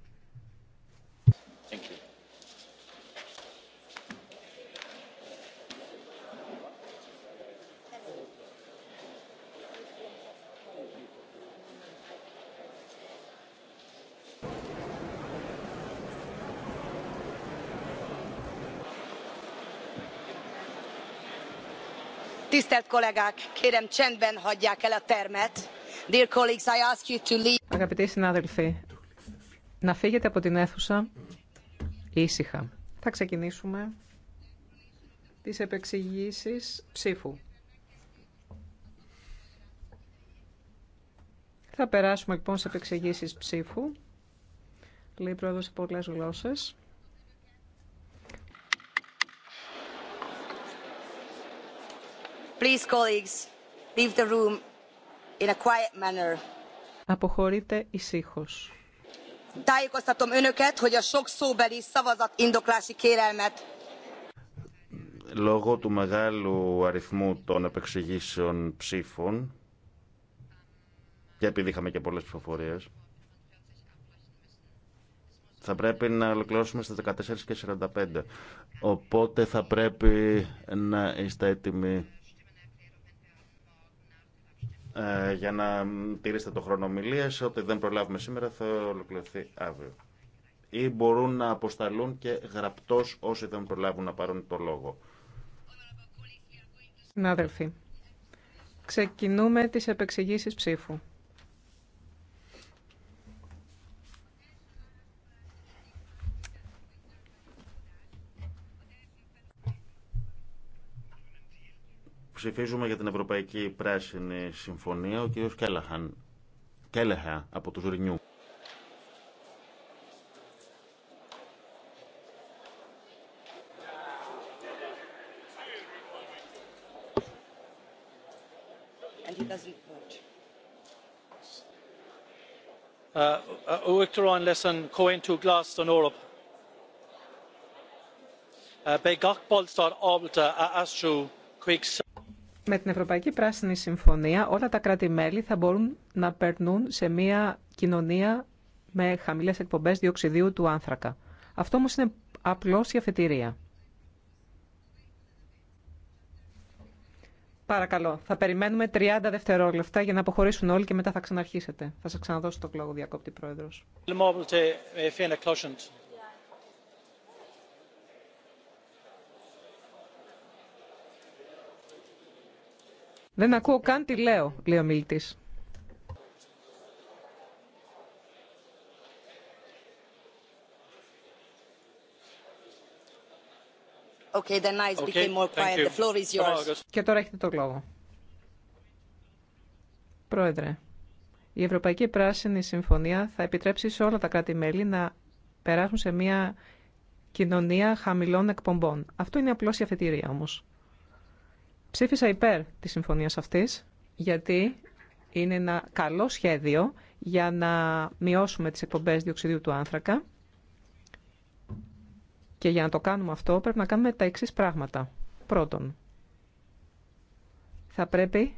Αγαπητοί συνάδελφοι, να φύγετε από την αίθουσα ήσυχα. Θα ξεκινήσουμε τις επεξηγήσεις ψήφου. Θα περάσουμε λοιπόν σε επεξηγήσεις ψήφου. Λέει πρόεδρος σε πολλές γλώσσες. Please, colleagues, leave the room in a quiet manner. Αποχωρείτε ησύχως. Τάικοστατομ önöket, hogy a sok szóbeli szavazat indoklási kérelmet Λόγω του μεγάλου αριθμού των επεξηγήσεων ψήφων και επειδή είχαμε και πολλές ψηφοφορίες θα πρέπει να ολοκληρώσουμε στις 14 και 45. Οπότε θα πρέπει να είστε έτοιμοι ε, για να τηρήσετε το χρόνο ομιλία. ό,τι δεν προλάβουμε σήμερα θα ολοκληρωθεί αύριο. Ή μπορούν να αποσταλούν και γραπτός όσοι δεν προλάβουν να πάρουν το λόγο. Συνάδελφοι, ξεκινούμε τις επεξηγήσεις ψήφου. Ψηφίζουμε για την Ευρωπαϊκή Πράσινη Συμφωνία ο κύριος Κέλαχαν. Κέλεχα από του Ρινιού. Με την Ευρωπαϊκή Πράσινη Συμφωνία όλα τα κράτη-μέλη θα μπορούν να περνούν σε μια κοινωνία με χαμηλές εκπομπές διοξιδίου του άνθρακα. Αυτό όμως είναι απλώς η αφετηρία. Παρακαλώ, θα περιμένουμε 30 δευτερόλεπτα για να αποχωρήσουν όλοι και μετά θα ξαναρχίσετε. Θα σας ξαναδώσω το λόγο, διακόπτη πρόεδρος. Δεν ακούω καν τι λέω, λέει ο μιλητή. Και τώρα έχετε το λόγο. Πρόεδρε, η Ευρωπαϊκή Πράσινη Συμφωνία θα επιτρέψει σε όλα τα κράτη-μέλη να περάσουν σε μια κοινωνία χαμηλών εκπομπών. Αυτό είναι απλώς η αφετηρία όμως. Ψήφισα υπέρ τη συμφωνίας αυτής, γιατί είναι ένα καλό σχέδιο για να μειώσουμε τις εκπομπές διοξιδίου του άνθρακα και για να το κάνουμε αυτό πρέπει να κάνουμε τα εξής πράγματα. Πρώτον, θα πρέπει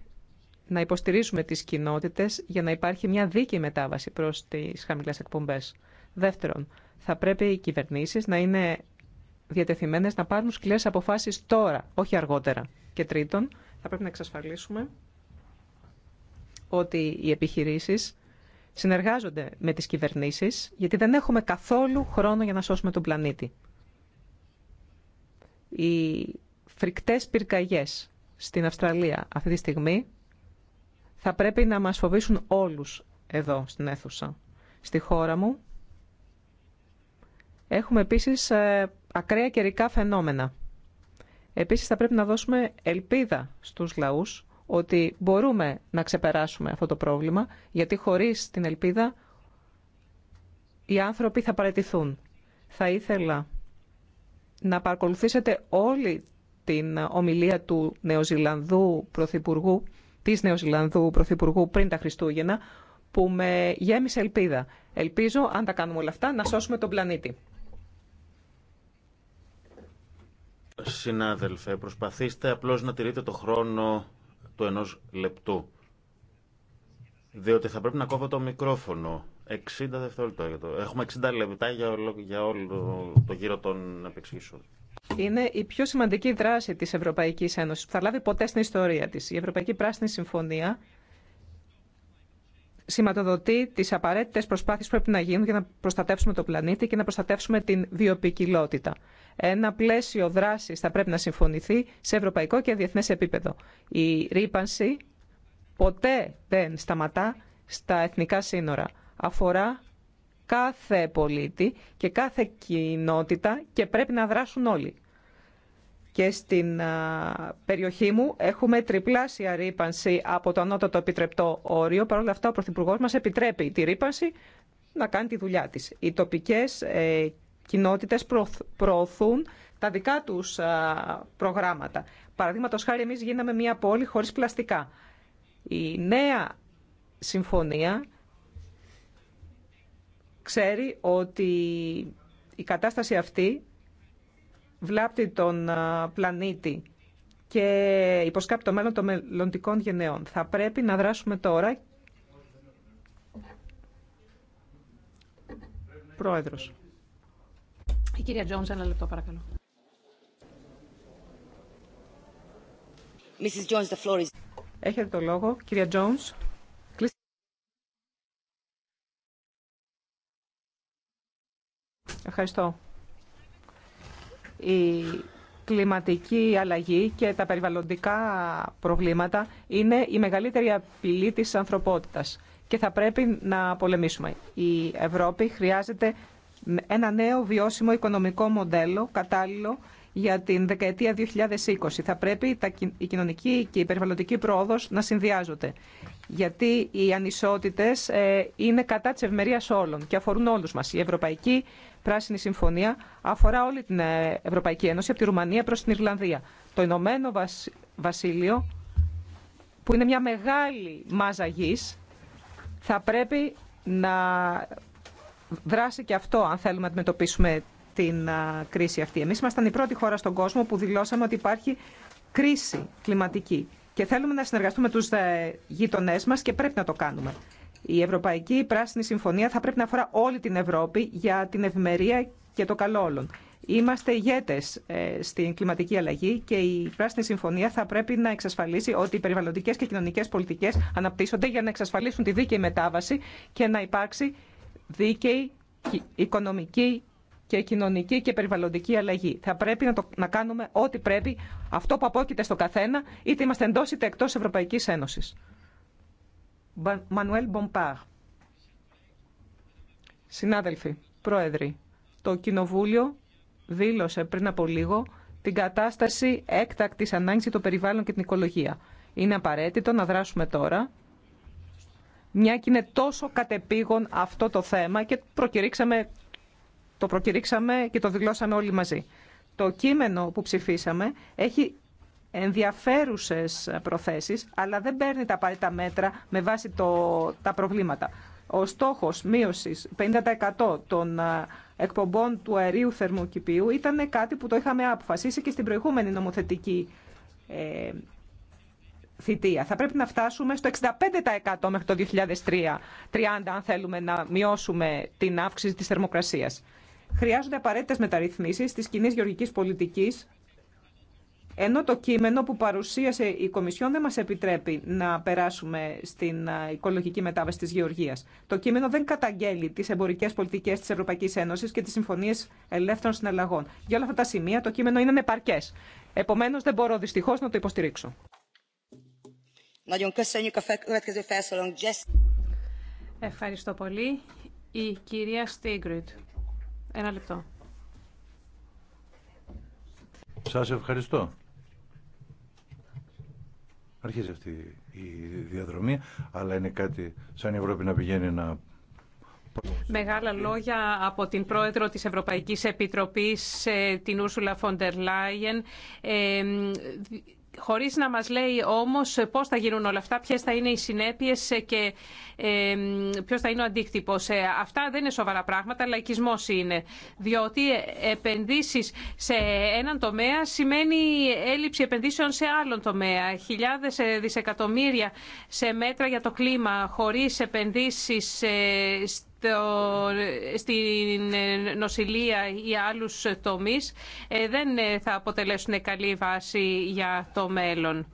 να υποστηρίζουμε τις κοινότητες για να υπάρχει μια δίκαιη μετάβαση προς τις χαμηλές εκπομπές. Δεύτερον, θα πρέπει οι κυβερνήσεις να είναι διατεθειμένες να πάρουν σκληρές αποφάσεις τώρα, όχι αργότερα. Και τρίτον, θα πρέπει να εξασφαλίσουμε ότι οι επιχειρήσεις συνεργάζονται με τις κυβερνήσεις, γιατί δεν έχουμε καθόλου χρόνο για να σώσουμε τον πλανήτη. Οι φρικτές πυρκαγιές στην Αυστραλία αυτή τη στιγμή θα πρέπει να μας φοβήσουν όλους εδώ στην αίθουσα. Στη χώρα μου έχουμε επίσης ε, ακραία καιρικά φαινόμενα. Επίσης θα πρέπει να δώσουμε ελπίδα στους λαούς ότι μπορούμε να ξεπεράσουμε αυτό το πρόβλημα, γιατί χωρίς την ελπίδα οι άνθρωποι θα παραιτηθούν. Θα ήθελα να παρακολουθήσετε όλη την ομιλία του Νεοζηλανδού Πρωθυπουργού, της Νεοζηλανδού Πρωθυπουργού πριν τα Χριστούγεννα, που με γέμισε ελπίδα. Ελπίζω, αν τα κάνουμε όλα αυτά, να σώσουμε τον πλανήτη. Συνάδελφε, προσπαθήστε απλώς να τηρείτε το χρόνο του ενός λεπτού. Διότι θα πρέπει να κόβω το μικρόφωνο. 60 δευτερόλεπτα. Έχουμε 60 λεπτά για όλο, για όλο το γύρο των επεξήσεων. Είναι η πιο σημαντική δράση της Ευρωπαϊκής Ένωσης που θα λάβει ποτέ στην ιστορία της. Η Ευρωπαϊκή Πράσινη Συμφωνία σηματοδοτεί τις απαραίτητες προσπάθειες που πρέπει να γίνουν για να προστατεύσουμε το πλανήτη και να προστατεύσουμε την βιοπικιλότητα. Ένα πλαίσιο δράση θα πρέπει να συμφωνηθεί σε ευρωπαϊκό και διεθνές επίπεδο. Η ρήπανση ποτέ δεν σταματά στα εθνικά σύνορα. Αφορά κάθε πολίτη και κάθε κοινότητα και πρέπει να δράσουν όλοι και στην περιοχή μου έχουμε τριπλάσια ρήπανση από το ανώτατο επιτρεπτό όριο. Παρ' όλα αυτά, ο Πρωθυπουργό μα επιτρέπει τη ρήπανση να κάνει τη δουλειά τη. Οι τοπικέ ε, κοινότητε προωθούν τα δικά του προγράμματα. Παραδείγματο χάρη, εμεί γίναμε μια πόλη χωρί πλαστικά. Η νέα συμφωνία ξέρει ότι η κατάσταση αυτή βλάπτει τον πλανήτη και υποσκάπτει το μέλλον των μελλοντικών γενεών. Θα πρέπει να δράσουμε τώρα. Πρόεδρος. Η κυρία Τζόνς, ένα λεπτό παρακαλώ. Mrs. Jones, the floor is... Έχετε το λόγο. Κυρία Τζόνς. Ευχαριστώ. Η κλιματική αλλαγή και τα περιβαλλοντικά προβλήματα είναι η μεγαλύτερη απειλή της ανθρωπότητας και θα πρέπει να πολεμήσουμε. Η Ευρώπη χρειάζεται ένα νέο βιώσιμο οικονομικό μοντέλο κατάλληλο για την δεκαετία 2020. Θα πρέπει τα, η κοινωνική και η περιβαλλοντική πρόοδος να συνδυάζονται. Γιατί οι ανισότητες ε, είναι κατά της ευμερίας όλων και αφορούν όλους μας. ευρωπαϊκή Πράσινη Συμφωνία αφορά όλη την ε, Ευρωπαϊκή Ένωση, από τη Ρουμανία προς την Ιρλανδία. Το Ηνωμένο Βασίλειο, που είναι μια μεγάλη μάζα γης, θα πρέπει να δράσει και αυτό, αν θέλουμε να αντιμετωπίσουμε την κρίση αυτή. Εμείς ήμασταν η πρώτη χώρα στον κόσμο που δηλώσαμε ότι υπάρχει κρίση κλιματική και θέλουμε να συνεργαστούμε τους ε, γείτονές μας και πρέπει να το κάνουμε. Η Ευρωπαϊκή Πράσινη Συμφωνία θα πρέπει να αφορά όλη την Ευρώπη για την ευημερία και το καλό όλων. Είμαστε ηγέτε ε, στην κλιματική αλλαγή και η Πράσινη Συμφωνία θα πρέπει να εξασφαλίσει ότι οι περιβαλλοντικέ και κοινωνικέ πολιτικέ αναπτύσσονται για να εξασφαλίσουν τη δίκαιη μετάβαση και να υπάρξει δίκαιη οικονομική και κοινωνική και περιβαλλοντική αλλαγή. Θα πρέπει να, το, να κάνουμε ό,τι πρέπει, αυτό που απόκειται στο καθένα, είτε είμαστε εντό είτε εκτό Ευρωπαϊκή Ένωση. Μανουέλ Μπομπάρ. Συνάδελφοι, πρόεδροι, το Κοινοβούλιο δήλωσε πριν από λίγο την κατάσταση έκτακτης ανάγκης των το περιβάλλον και την οικολογία. Είναι απαραίτητο να δράσουμε τώρα, μια και είναι τόσο κατεπήγον αυτό το θέμα και προκηρύξαμε, το προκηρύξαμε και το δηλώσαμε όλοι μαζί. Το κείμενο που ψηφίσαμε έχει ενδιαφέρουσες προθέσεις, αλλά δεν παίρνει τα απαραίτητα μέτρα με βάση το, τα προβλήματα. Ο στόχος μείωσης 50% των ε, εκπομπών του αερίου θερμοκηπίου ήταν κάτι που το είχαμε αποφασίσει και στην προηγούμενη νομοθετική ε, θητεία. Θα πρέπει να φτάσουμε στο 65% μέχρι το 2030, αν θέλουμε να μειώσουμε την αύξηση της θερμοκρασίας. Χρειάζονται απαραίτητε μεταρρυθμίσεις τη κοινή γεωργική πολιτική. Ενώ το κείμενο που παρουσίασε η Κομισιόν δεν μας επιτρέπει να περάσουμε στην οικολογική μετάβαση της γεωργίας. Το κείμενο δεν καταγγέλει τις εμπορικές πολιτικές της Ευρωπαϊκής Ένωσης και τις συμφωνίες ελεύθερων συναλλαγών. Για όλα αυτά τα σημεία το κείμενο είναι επαρκές. Επομένως δεν μπορώ δυστυχώς να το υποστηρίξω. Ευχαριστώ πολύ. Η κυρία Στίγκριτ. Ένα λεπτό. Σας ευχαριστώ. Αρχίζει αυτή η διαδρομή, αλλά είναι κάτι σαν η Ευρώπη να πηγαίνει να Μεγάλα λόγια από την πρόεδρο της Ευρωπαϊκής Επιτροπής, ε, την Ούρσουλα Φοντερ Λάιεν χωρίς να μας λέει όμως πώς θα γίνουν όλα αυτά, ποιες θα είναι οι συνέπειες και ποιος θα είναι ο αντίκτυπος. Ε, αυτά δεν είναι σοβαρά πράγματα, λαϊκισμός είναι. Διότι επενδύσεις σε έναν τομέα σημαίνει έλλειψη επενδύσεων σε άλλον τομέα. Χιλιάδες ε, δισεκατομμύρια σε μέτρα για το κλίμα χωρίς επενδύσεις ε, στην ε, νοσηλεία ή άλλους τομείς ε, δεν ε, θα αποτελέσουν καλή βάση για το μέλλον.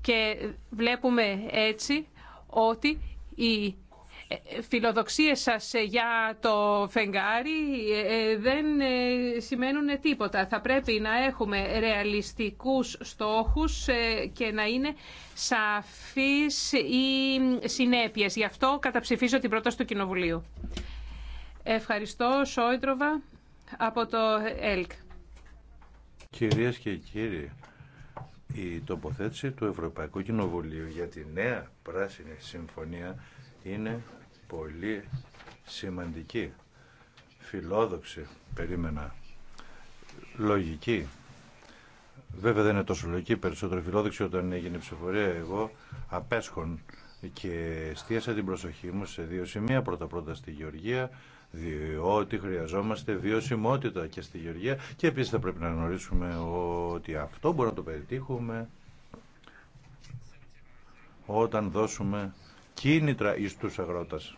Και βλέπουμε έτσι ότι η φιλοδοξίες σας ε, για το φεγγάρι ε, ε, δεν σημαίνουν τίποτα. Θα πρέπει να έχουμε ρεαλιστικούς στόχους και να είναι σαφείς οι συνέπειες. Γι' αυτό καταψηφίζω την πρόταση του Κοινοβουλίου. Ευχαριστώ, Σόιτροβα, από το ΕΛΚ. Κυρίες και κύριοι, η τοποθέτηση του Ευρωπαϊκού Κοινοβουλίου για τη νέα πράσινη συμφωνία είναι πολύ σημαντική, φιλόδοξη, περίμενα, λογική. Βέβαια δεν είναι τόσο λογική, περισσότερο φιλόδοξη όταν έγινε η ψηφορία εγώ απέσχον και εστίασα την προσοχή μου σε δύο σημεία. Πρώτα-πρώτα στη Γεωργία, διότι χρειαζόμαστε βιωσιμότητα και στη Γεωργία και επίσης θα πρέπει να γνωρίσουμε ότι αυτό μπορεί να το πετύχουμε όταν δώσουμε κίνητρα εις τους αγρότας.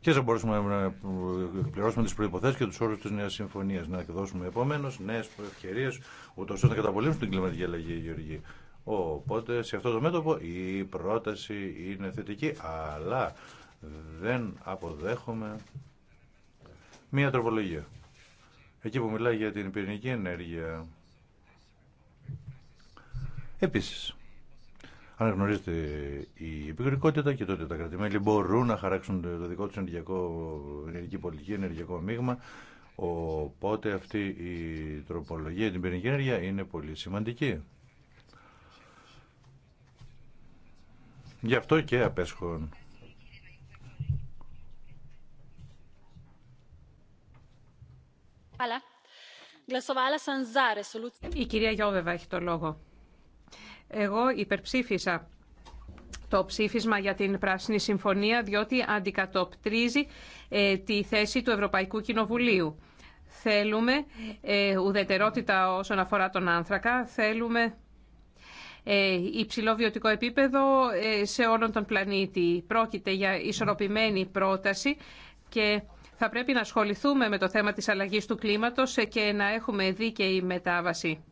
Και θα μπορούσαμε να πληρώσουμε τις προϋποθέσεις και τους όρους της νέας συμφωνίας. Να δώσουμε επόμενος νέες ευκαιρίες ούτως ώστε να καταβολήσουμε την κλιματική αλλαγή, Γεωργή. Οπότε σε αυτό το μέτωπο η πρόταση είναι θετική, αλλά δεν αποδέχομαι μία τροπολογία. Εκεί που μιλάει για την πυρηνική ενέργεια. Επίσης, αναγνωρίζεται η επικουρικότητα και τότε τα κρατημέλη μπορούν να χαράξουν το δικό τους ενεργειακό, ενεργειακή πολιτική, ενεργειακό μείγμα. Οπότε αυτή η τροπολογία, την πυρηνική ενέργεια είναι πολύ σημαντική. Γι' αυτό και απέσχον. Η κυρία Γιώβεβα έχει το λόγο. Εγώ υπερψήφισα το ψήφισμα για την Πράσινη Συμφωνία διότι αντικατοπτρίζει ε, τη θέση του Ευρωπαϊκού Κοινοβουλίου. Θέλουμε ε, ουδετερότητα όσον αφορά τον άνθρακα, θέλουμε ε, υψηλό βιωτικό επίπεδο ε, σε όλον τον πλανήτη. Πρόκειται για ισορροπημένη πρόταση και θα πρέπει να ασχοληθούμε με το θέμα της αλλαγής του κλίματος και να έχουμε δίκαιη μετάβαση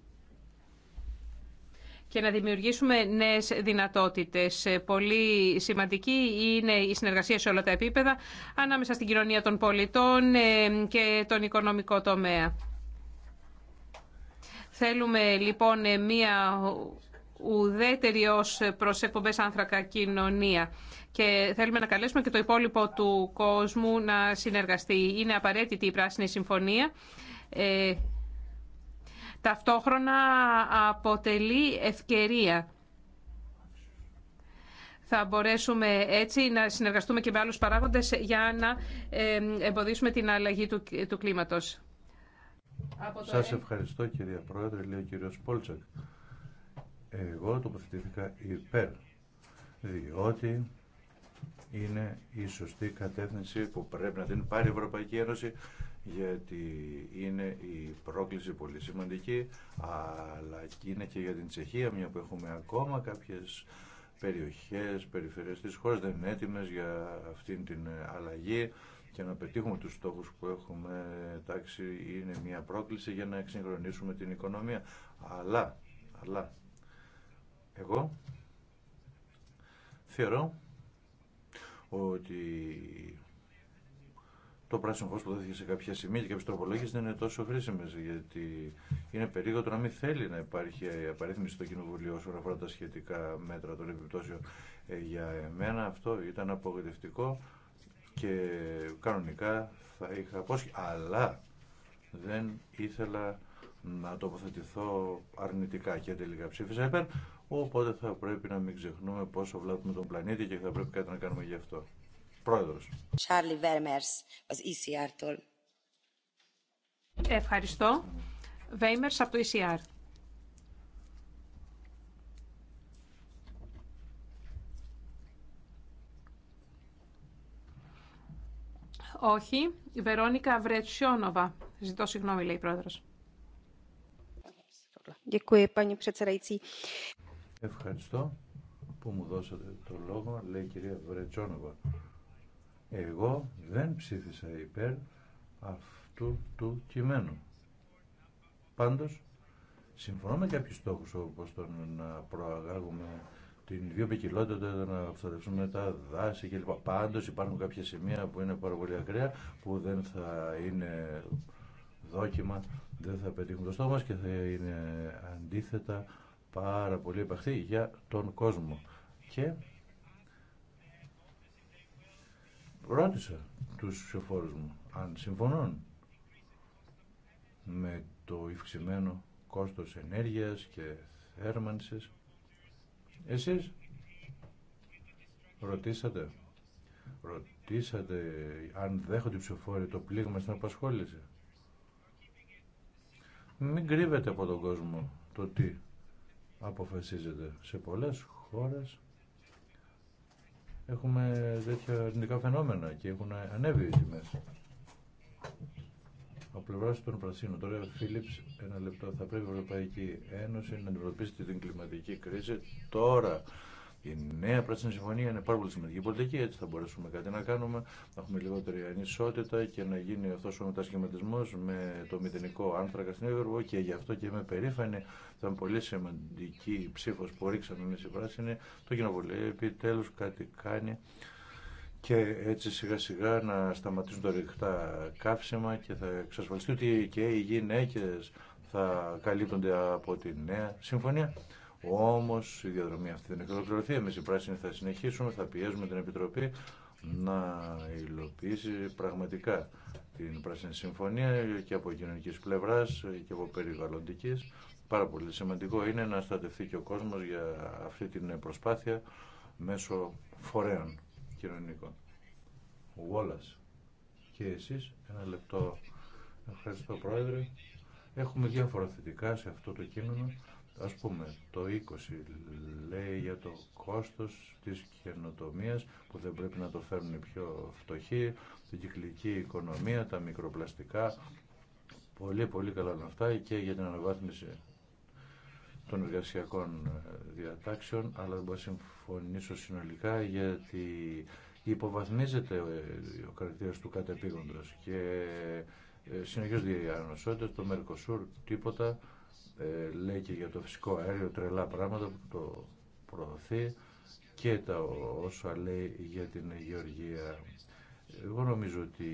και να δημιουργήσουμε νέε δυνατότητες. Πολύ σημαντική είναι η συνεργασία σε όλα τα επίπεδα ανάμεσα στην κοινωνία των πολιτών ε, και τον οικονομικό τομέα. Θέλουμε λοιπόν ε, μία ουδέτερη ως προς άνθρακα κοινωνία και θέλουμε να καλέσουμε και το υπόλοιπο του κόσμου να συνεργαστεί. Είναι απαραίτητη η Πράσινη Συμφωνία ε, ταυτόχρονα αποτελεί ευκαιρία. Θα μπορέσουμε έτσι να συνεργαστούμε και με άλλους παράγοντες για να εμποδίσουμε την αλλαγή του, του κλίματος. Σας ευχαριστώ κυρία Πρόεδρε, λέει ο κύριος Πόλτσακ. Εγώ τοποθετήθηκα υπέρ, διότι είναι η σωστή κατεύθυνση που πρέπει να την πάρει η Ευρωπαϊκή Ένωση γιατί είναι η πρόκληση πολύ σημαντική αλλά είναι και για την Τσεχία μια που έχουμε ακόμα κάποιες περιοχές, περιφερειές της χώρας δεν είναι έτοιμες για αυτήν την αλλαγή και να πετύχουμε τους στόχους που έχουμε τάξει είναι μια πρόκληση για να εξυγχρονίσουμε την οικονομία αλλά, αλλά εγώ θεωρώ ότι το πράσινο φως που δόθηκε σε κάποια σημεία και κάποιες τροπολόγες δεν είναι τόσο χρήσιμες γιατί είναι περίεργο να μην θέλει να υπάρχει απαρίθμηση στο Κοινοβουλίο όσον αφορά τα σχετικά μέτρα των επιπτώσεων ε, για εμένα αυτό ήταν απογοητευτικό και κανονικά θα είχα απόσχει αλλά δεν ήθελα να τοποθετηθώ αρνητικά και τελικά ψήφισα υπέρ οπότε θα πρέπει να μην ξεχνούμε πόσο βλάπτουμε τον πλανήτη και θα πρέπει κάτι να κάνουμε γι' αυτό. Πρόεδρος. Charlie az ECR-tól. Ευχαριστώ. Βέιμερς από το ECR. Όχι, Βερόνικα Βρετσιόνοβα. Ζητώ συγγνώμη, λέει η πρόεδρος. Ευχαριστώ που μου δώσατε το λόγο, λέει η κυρία Βρετσιόνοβα. Εγώ δεν ψήφισα υπέρ αυτού του κειμένου. Πάντως, συμφωνώ με κάποιους στόχους όπως τον να προαγάγουμε την βιοπικιλότητα, να αυτοδεύσουμε τα δάση κλπ. Πάντως υπάρχουν κάποια σημεία που είναι πάρα πολύ ακραία που δεν θα είναι δόκιμα, δεν θα πετύχουν το στόχο και θα είναι αντίθετα πάρα πολύ επαχθή για τον κόσμο. Και Ρώτησα τους ψηφοφόρους μου αν συμφωνούν με το υψημένο κόστος ενέργειας και θέρμανσης. Εσείς ρωτήσατε, ρωτήσατε αν δέχονται ψηφοφόροι το πλήγμα στην απασχόληση. Μην κρύβετε από τον κόσμο το τι αποφασίζεται σε πολλές χώρες έχουμε τέτοια αρνητικά φαινόμενα και έχουν ανέβει οι τιμέ. Ο πλευρά των Πρασίνων. Τώρα, Φίλιπ, ένα λεπτό. Θα πρέπει η Ευρωπαϊκή Ένωση να αντιμετωπίσει την κλιματική κρίση τώρα. Η νέα πράσινη συμφωνία είναι πάρα πολύ σημαντική πολιτική, έτσι θα μπορέσουμε κάτι να κάνουμε, να έχουμε λιγότερη ανισότητα και να γίνει αυτό ο μετασχηματισμό με το μηδενικό άνθρακα στην Ευρώπη και γι' αυτό και είμαι περήφανη. Ήταν πολύ σημαντική ψήφο που ρίξαμε εμεί οι πράσινοι. Το κοινοβουλίο επιτέλου κάτι κάνει και έτσι σιγά σιγά να σταματήσουν τα ρηχτά καύσιμα και θα εξασφαλιστεί ότι και οι γυναίκε θα καλύπτονται από τη νέα συμφωνία. Όμως η διαδρομή αυτή δεν έχει ολοκληρωθεί. Εμείς οι πράσινοι θα συνεχίσουμε, θα πιέζουμε την Επιτροπή να υλοποιήσει πραγματικά την Πράσινη Συμφωνία και από κοινωνική πλευρά και από περιβαλλοντική. Πάρα πολύ σημαντικό είναι να στατευτεί και ο κόσμο για αυτή την προσπάθεια μέσω φορέων κοινωνικών. Γόλα. Και εσεί, ένα λεπτό. Ευχαριστώ, Πρόεδρε. Έχουμε διάφορα θετικά σε αυτό το κείμενο. Ας πούμε, το 20 λέει για το κόστος της καινοτομίας που δεν πρέπει να το φέρνουν οι πιο φτωχοί, την κυκλική οικονομία, τα μικροπλαστικά. Πολύ πολύ καλά να αυτά και για την αναβάθμιση των εργασιακών ε, διατάξεων, αλλά δεν μπορώ να συμφωνήσω συνολικά γιατί υποβαθμίζεται ε, ο καρδιά του κατεπήγοντος και ε, συνεχίζονται οι ανοσότητες, το Μερκοσούρ, τίποτα, ε, λέει και για το φυσικό αέριο τρελά πράγματα που το προωθεί και τα όσα λέει για την Γεωργία. Εγώ νομίζω ότι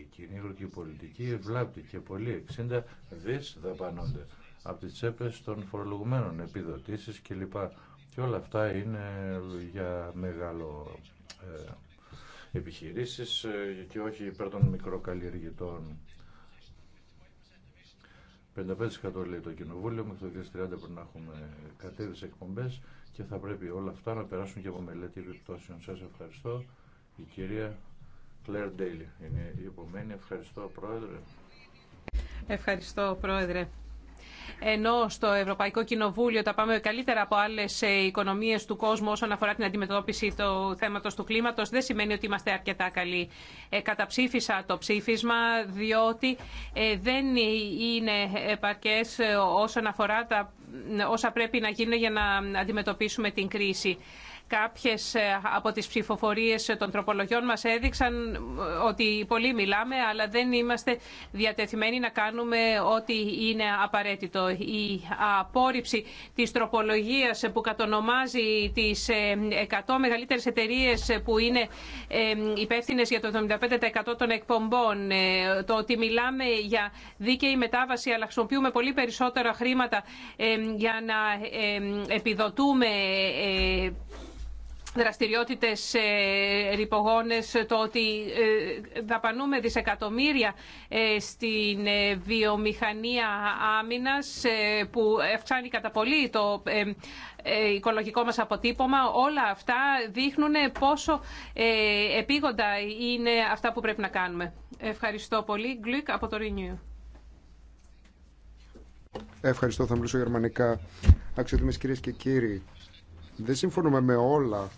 η κοινή η πολιτική βλάπτει και πολύ. 60 δις δαπανώνται από τις τσέπες των φορολογουμένων επιδοτήσεις κλπ. Και όλα αυτά είναι για μεγάλο ε, επιχειρήσεις ε, και όχι υπέρ των μικροκαλλιεργητών. 55% λέει το κοινοβούλιο, μέχρι το 2030 πρέπει να έχουμε κατέβει σε εκπομπές και θα πρέπει όλα αυτά να περάσουν και από μελέτη επιπτώσεων. Σας ευχαριστώ. Η κυρία Κλέρ Ντέιλι είναι η επομένη. Ευχαριστώ, Πρόεδρε. Ευχαριστώ, Πρόεδρε ενώ στο Ευρωπαϊκό Κοινοβούλιο τα πάμε καλύτερα από άλλε οικονομίε του κόσμου όσον αφορά την αντιμετώπιση του θέματο του κλίματο, δεν σημαίνει ότι είμαστε αρκετά καλοί. Ε, καταψήφισα το ψήφισμα, διότι ε, δεν είναι επαρκέ ε, όσον αφορά τα όσα πρέπει να γίνουν για να αντιμετωπίσουμε την κρίση. Κάποιες ε, από τις ψηφοφορίες των τροπολογιών μας έδειξαν ε, ότι πολύ μιλάμε, αλλά δεν είμαστε διατεθειμένοι να κάνουμε ό,τι είναι απαραίτητο. Η απόρριψη της τροπολογίας που κατονομάζει τις 100 ε, μεγαλύτερες εταιρείες που είναι υπεύθυνε για το 75% των εκπομπών, το ότι μιλάμε για δίκαιη μετάβαση, αλλά χρησιμοποιούμε πολύ περισσότερα χρήματα για να επιδοτούμε δραστηριότητες ε, ρηπογόνε το ότι ε, δαπανούμε δισεκατομμύρια ε, στην βιομηχανία άμυνας που αυξάνει κατά πολύ το οικολογικό μας αποτύπωμα. Όλα αυτά δείχνουν πόσο επίγοντα είναι αυτά που πρέπει να κάνουμε. Ευχαριστώ πολύ. Γκλουικ από το Renew. Ευχαριστώ. Θα μιλήσω γερμανικά. Αξιότιμες κυρίες και κύριοι. Δεν συμφωνούμε με όλα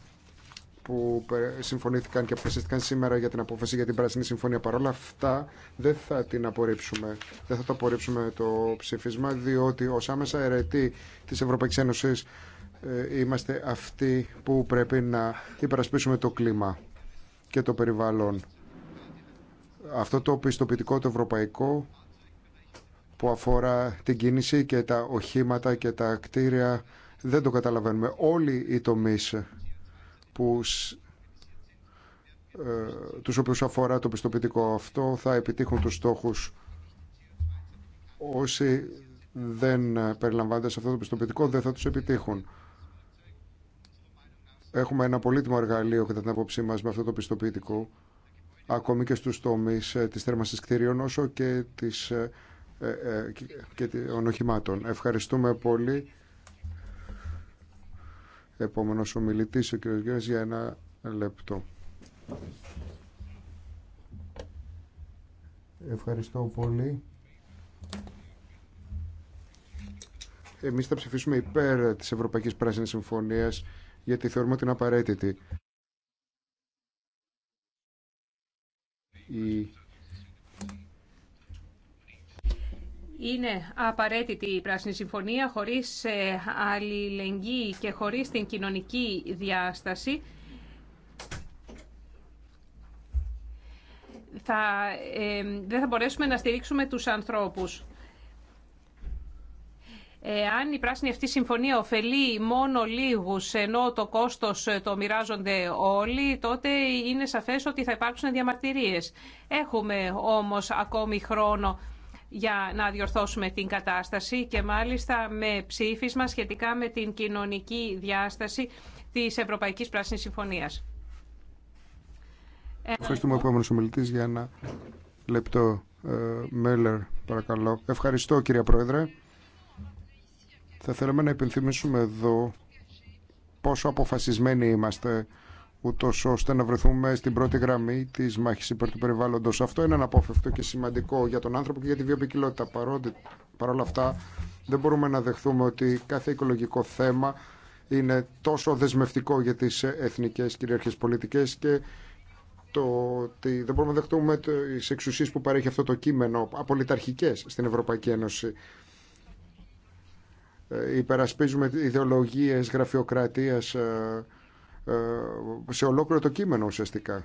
που συμφωνήθηκαν και αποφασίστηκαν σήμερα για την απόφαση για την Πράσινη Συμφωνία. Παρ' όλα αυτά δεν θα την απορρίψουμε. Δεν θα το απορρίψουμε το ψήφισμα, διότι ως άμεσα αιρετή της Ευρωπαϊκής Ένωσης ε, είμαστε αυτοί που πρέπει να υπερασπίσουμε το κλίμα και το περιβάλλον. Αυτό το πιστοποιητικό το ευρωπαϊκό που αφορά την κίνηση και τα οχήματα και τα κτίρια δεν το καταλαβαίνουμε. Όλοι οι τομείς που, ε, τους οποίους αφορά το πιστοποιητικό αυτό θα επιτύχουν τους στόχους όσοι δεν περιλαμβάνονται σε αυτό το πιστοποιητικό δεν θα τους επιτύχουν. Έχουμε ένα πολύτιμο εργαλείο κατά την άποψή μας με αυτό το πιστοποιητικό ακόμη και στους τομείς ε, της θέρμασης κτηρίων όσο και, της, ε, ε, και των οχημάτων. Ευχαριστούμε πολύ. Επόμενος ομιλητής ο κ. Γιώργης για ένα λεπτό. Ευχαριστώ πολύ. Εμείς θα ψηφίσουμε υπέρ της Ευρωπαϊκής Πράσινης Συμφωνίας γιατί θεωρούμε ότι είναι απαραίτητη. Είναι απαραίτητη η Πράσινη Συμφωνία χωρίς ε, αλληλεγγύη και χωρίς την κοινωνική διάσταση. Θα, ε, δεν θα μπορέσουμε να στηρίξουμε τους ανθρώπους. Ε, αν η πράσινη αυτή συμφωνία ωφελεί μόνο λίγους ενώ το κόστος το μοιράζονται όλοι, τότε είναι σαφές ότι θα υπάρξουν διαμαρτυρίες. Έχουμε όμως ακόμη χρόνο για να διορθώσουμε την κατάσταση και μάλιστα με ψήφισμα σχετικά με την κοινωνική διάσταση της Ευρωπαϊκής Πράσινης Συμφωνίας. Ε, Ευχαριστούμε επόμενος ομιλητής για ένα λεπτό. Ε, Μέλλερ, παρακαλώ. Ευχαριστώ κυρία Πρόεδρε. Θα θέλαμε να υπενθυμίσουμε εδώ πόσο αποφασισμένοι είμαστε ούτω ώστε να βρεθούμε στην πρώτη γραμμή τη μάχη υπέρ του περιβάλλοντο. Αυτό είναι αναπόφευκτο και σημαντικό για τον άνθρωπο και για τη βιοπικιλότητα. Παρ' όλα αυτά, δεν μπορούμε να δεχθούμε ότι κάθε οικολογικό θέμα είναι τόσο δεσμευτικό για τι εθνικέ κυριαρχέ πολιτικέ και το ότι δεν μπορούμε να δεχτούμε τι εξουσίε που παρέχει αυτό το κείμενο, απολυταρχικέ στην Ευρωπαϊκή Ένωση ε, υπερασπίζουμε ιδεολογίες γραφειοκρατίας ε, ε, σε ολόκληρο το κείμενο ουσιαστικά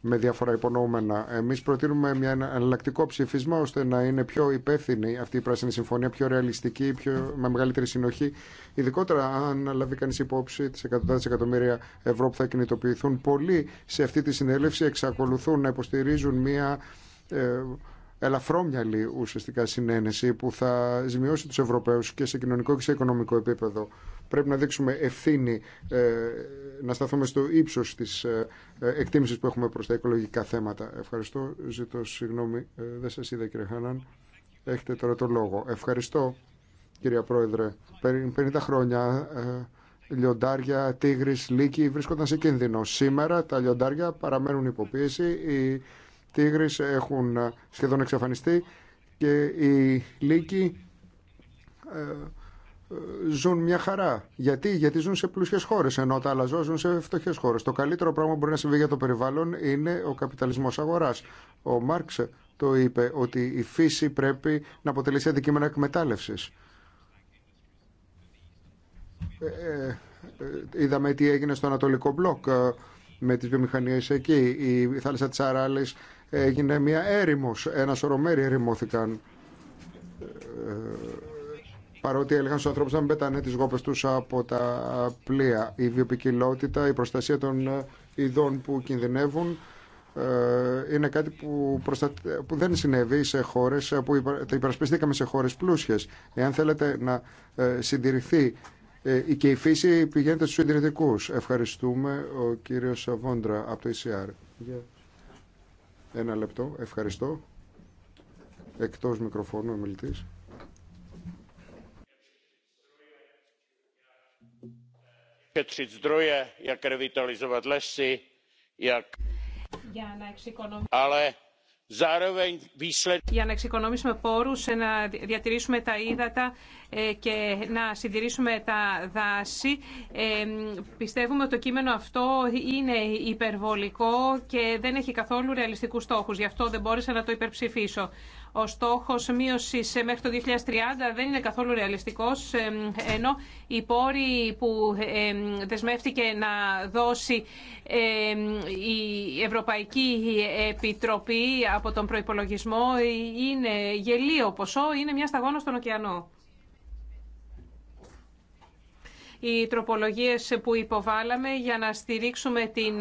με διάφορα υπονοούμενα. Εμεί προτείνουμε μια εναλλακτικό ψηφίσμα ώστε να είναι πιο υπεύθυνη αυτή η πράσινη συμφωνία, πιο ρεαλιστική, πιο, με μεγαλύτερη συνοχή. Ειδικότερα αν λάβει κανεί υπόψη τι εκατοντάδε εκατομμύρια ευρώ που θα κινητοποιηθούν. Πολλοί σε αυτή τη συνέλευση εξακολουθούν να υποστηρίζουν μια ε, ελαφρόμυαλη ουσιαστικά συνένεση που θα ζημιώσει τους Ευρωπαίους και σε κοινωνικό και σε οικονομικό επίπεδο. Πρέπει να δείξουμε ευθύνη, ε, να σταθούμε στο ύψος της ε, ε, εκτίμησης που έχουμε προς τα οικολογικά θέματα. Ευχαριστώ, ζητώ συγγνώμη, δεν σας είδα κύριε Χάναν. Έχετε τώρα το λόγο. Ευχαριστώ κύριε Πρόεδρε. Πριν 50 χρόνια λιοντάρια, τίγρης, λύκοι βρίσκονταν σε κίνδυνο. Σήμερα τα λιοντάρια παραμένουν υποπίεση. Οι τίγρες έχουν ε, σχεδόν εξαφανιστεί και οι λύκοι ε, ε, ζουν μια χαρά. Γιατί, Γιατί ζουν σε πλούσιες χώρες, ενώ τα άλλα ζουν σε φτωχές χώρες. Το καλύτερο πράγμα που μπορεί να συμβεί για το περιβάλλον είναι ο καπιταλισμός αγοράς. Ο Μάρξ το είπε ότι η φύση πρέπει να σε αντικείμενο εκμετάλλευσης. Ε, είδαμε τι έγινε στο Ανατολικό Μπλοκ με τις βιομηχανίες εκεί. Η θάλασσα της Αράλης έγινε μια έρημος, ένα σωρό μέρη ερημώθηκαν. Ε, παρότι έλεγαν στους ανθρώπους να μην πετάνε τι γόπε από τα πλοία. Η βιοπικιλότητα, η προστασία των ε, ειδών που κινδυνεύουν ε, είναι κάτι που, προστα... που δεν συνέβη σε χώρες που υπα... τα υπερασπιστήκαμε σε χώρες πλούσιες Εάν θέλετε να συντηρηθεί και η φύση, πηγαίνετε στους συντηρητικούς Ευχαριστούμε ο κύριος Βόντρα από το ECR. Ένα λεπτό, ευχαριστώ. Εκτός μικροφώνου ο μιλητής. Για να εξοικονομήσουμε για να εξοικονομήσουμε πόρου να διατηρήσουμε τα ύδατα ε, και να συντηρήσουμε τα δάση. Ε, πιστεύουμε ότι το κείμενο αυτό είναι υπερβολικό και δεν έχει καθόλου ρεαλιστικού στόχου. Γι' αυτό δεν μπόρεσα να το υπερψηφίσω ο στόχο μείωση ε, μέχρι το 2030 δεν είναι καθόλου ρεαλιστικός, ε, ενώ η πόρη που ε, δεσμεύτηκε να δώσει η Ευρωπαϊκή Επιτροπή από τον προϋπολογισμό είναι γελίο ποσό, είναι μια σταγόνα στον ωκεανό. Οι τροπολογίες που υποβάλαμε για να στηρίξουμε την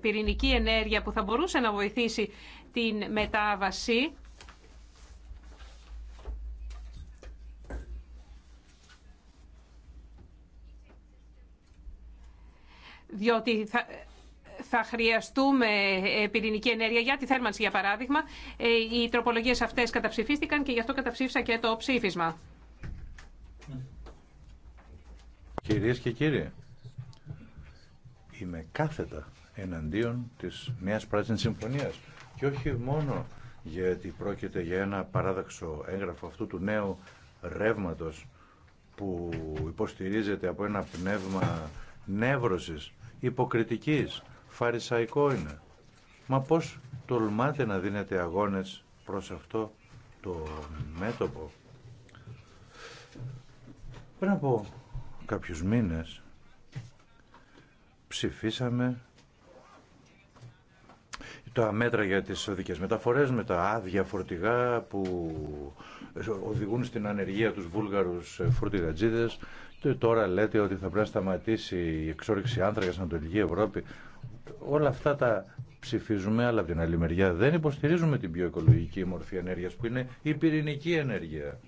πυρηνική ενέργεια που θα μπορούσε να βοηθήσει την μετάβαση διότι θα, θα χρειαστούμε ε, πυρηνική ενέργεια για τη θέρμανση, για παράδειγμα. Ε, οι τροπολογίες αυτές καταψηφίστηκαν και γι' αυτό καταψήφισα και το ψήφισμα. Κυρίες και κύριοι, είμαι κάθετα εναντίον της μιας Πράσινης Συμφωνίας και όχι μόνο γιατί πρόκειται για ένα παράδοξο έγγραφο αυτού του νέου ρεύματος που υποστηρίζεται από ένα πνεύμα νεύρωσης υποκριτικής, φαρισαϊκό είναι. Μα πώς τολμάτε να δίνετε αγώνες προς αυτό το μέτωπο. Πριν από κάποιους μήνες ψηφίσαμε τα μέτρα για τις οδικές μεταφορές με τα άδεια φορτηγά που οδηγούν στην ανεργία τους βούλγαρους φορτηγατζίδες Τώρα λέτε ότι θα πρέπει να σταματήσει η εξόρυξη άνθρακα στην Ανατολική Ευρώπη. Όλα αυτά τα ψηφίζουμε, αλλά από την άλλη μεριά δεν υποστηρίζουμε την πιο οικολογική μορφή ενέργειας που είναι η πυρηνική ενέργεια.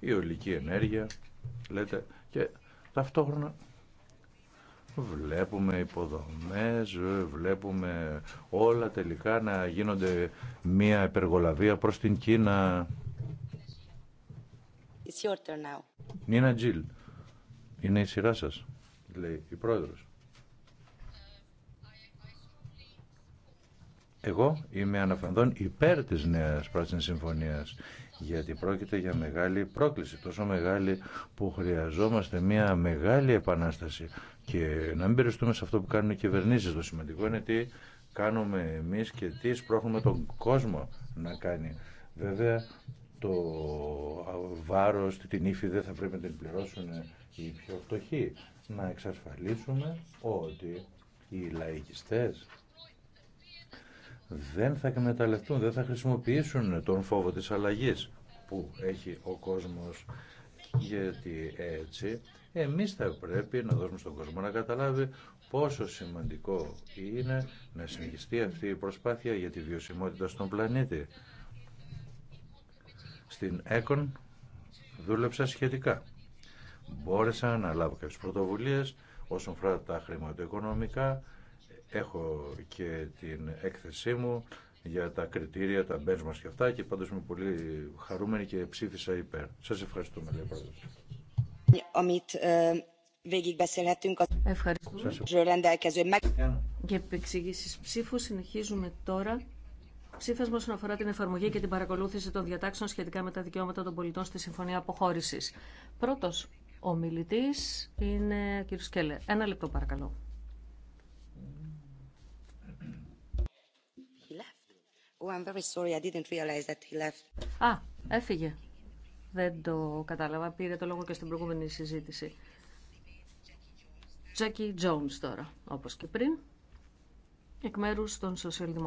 Η ολική ενέργεια, λέτε, και ταυτόχρονα βλέπουμε υποδομές, βλέπουμε όλα τελικά να γίνονται μία επεργολαβία προς την Κίνα. It's your Νίνα Τζιλ, είναι η σειρά σας, λέει η πρόεδρος. Εγώ είμαι αναφαντών υπέρ της νέας πράσινης συμφωνίας γιατί πρόκειται για μεγάλη πρόκληση, τόσο μεγάλη που χρειαζόμαστε μια μεγάλη επανάσταση και να μην περιστούμε σε αυτό που κάνουν οι κυβερνήσεις. Το σημαντικό είναι τι κάνουμε εμείς και τι σπρώχνουμε τον κόσμο να κάνει. Βέβαια το βάρος, την ύφη δεν θα πρέπει να την πληρώσουν οι πιο φτωχοί. Να εξασφαλίσουμε ότι οι λαϊκιστές δεν θα εκμεταλλευτούν, δεν θα χρησιμοποιήσουν τον φόβο της αλλαγής που έχει ο κόσμος γιατί έτσι εμείς θα πρέπει να δώσουμε στον κόσμο να καταλάβει πόσο σημαντικό είναι να συνεχιστεί αυτή η προσπάθεια για τη βιωσιμότητα στον πλανήτη στην ΕΚΟΝ δούλεψα σχετικά. Μπόρεσα να λάβω κάποιες πρωτοβουλίες όσον αφορά τα χρηματοοικονομικά. Έχω και την έκθεσή μου για τα κριτήρια, τα benchmarks και αυτά και πάντως είμαι πολύ χαρούμενη και ψήφισα υπέρ. Σας ευχαριστούμε, λέει πρόεδρος. Ε, ευχαριστούμε. Και επεξηγήσεις ψήφου συνεχίζουμε τώρα ψήφισμα όσον αφορά την εφαρμογή και την παρακολούθηση των διατάξεων σχετικά με τα δικαιώματα των πολιτών στη Συμφωνία Αποχώρηση. Πρώτο ομιλητή είναι ο κ. Σκέλε. Ένα λεπτό, παρακαλώ. Oh, I'm very sorry. I didn't realize that he left. Α, έφυγε. Δεν το κατάλαβα. Πήρε το λόγο και στην προηγούμενη συζήτηση. Τζάκι Jones τώρα, όπως και πριν, εκ μέρους των Σοσιαλδημοκρατών.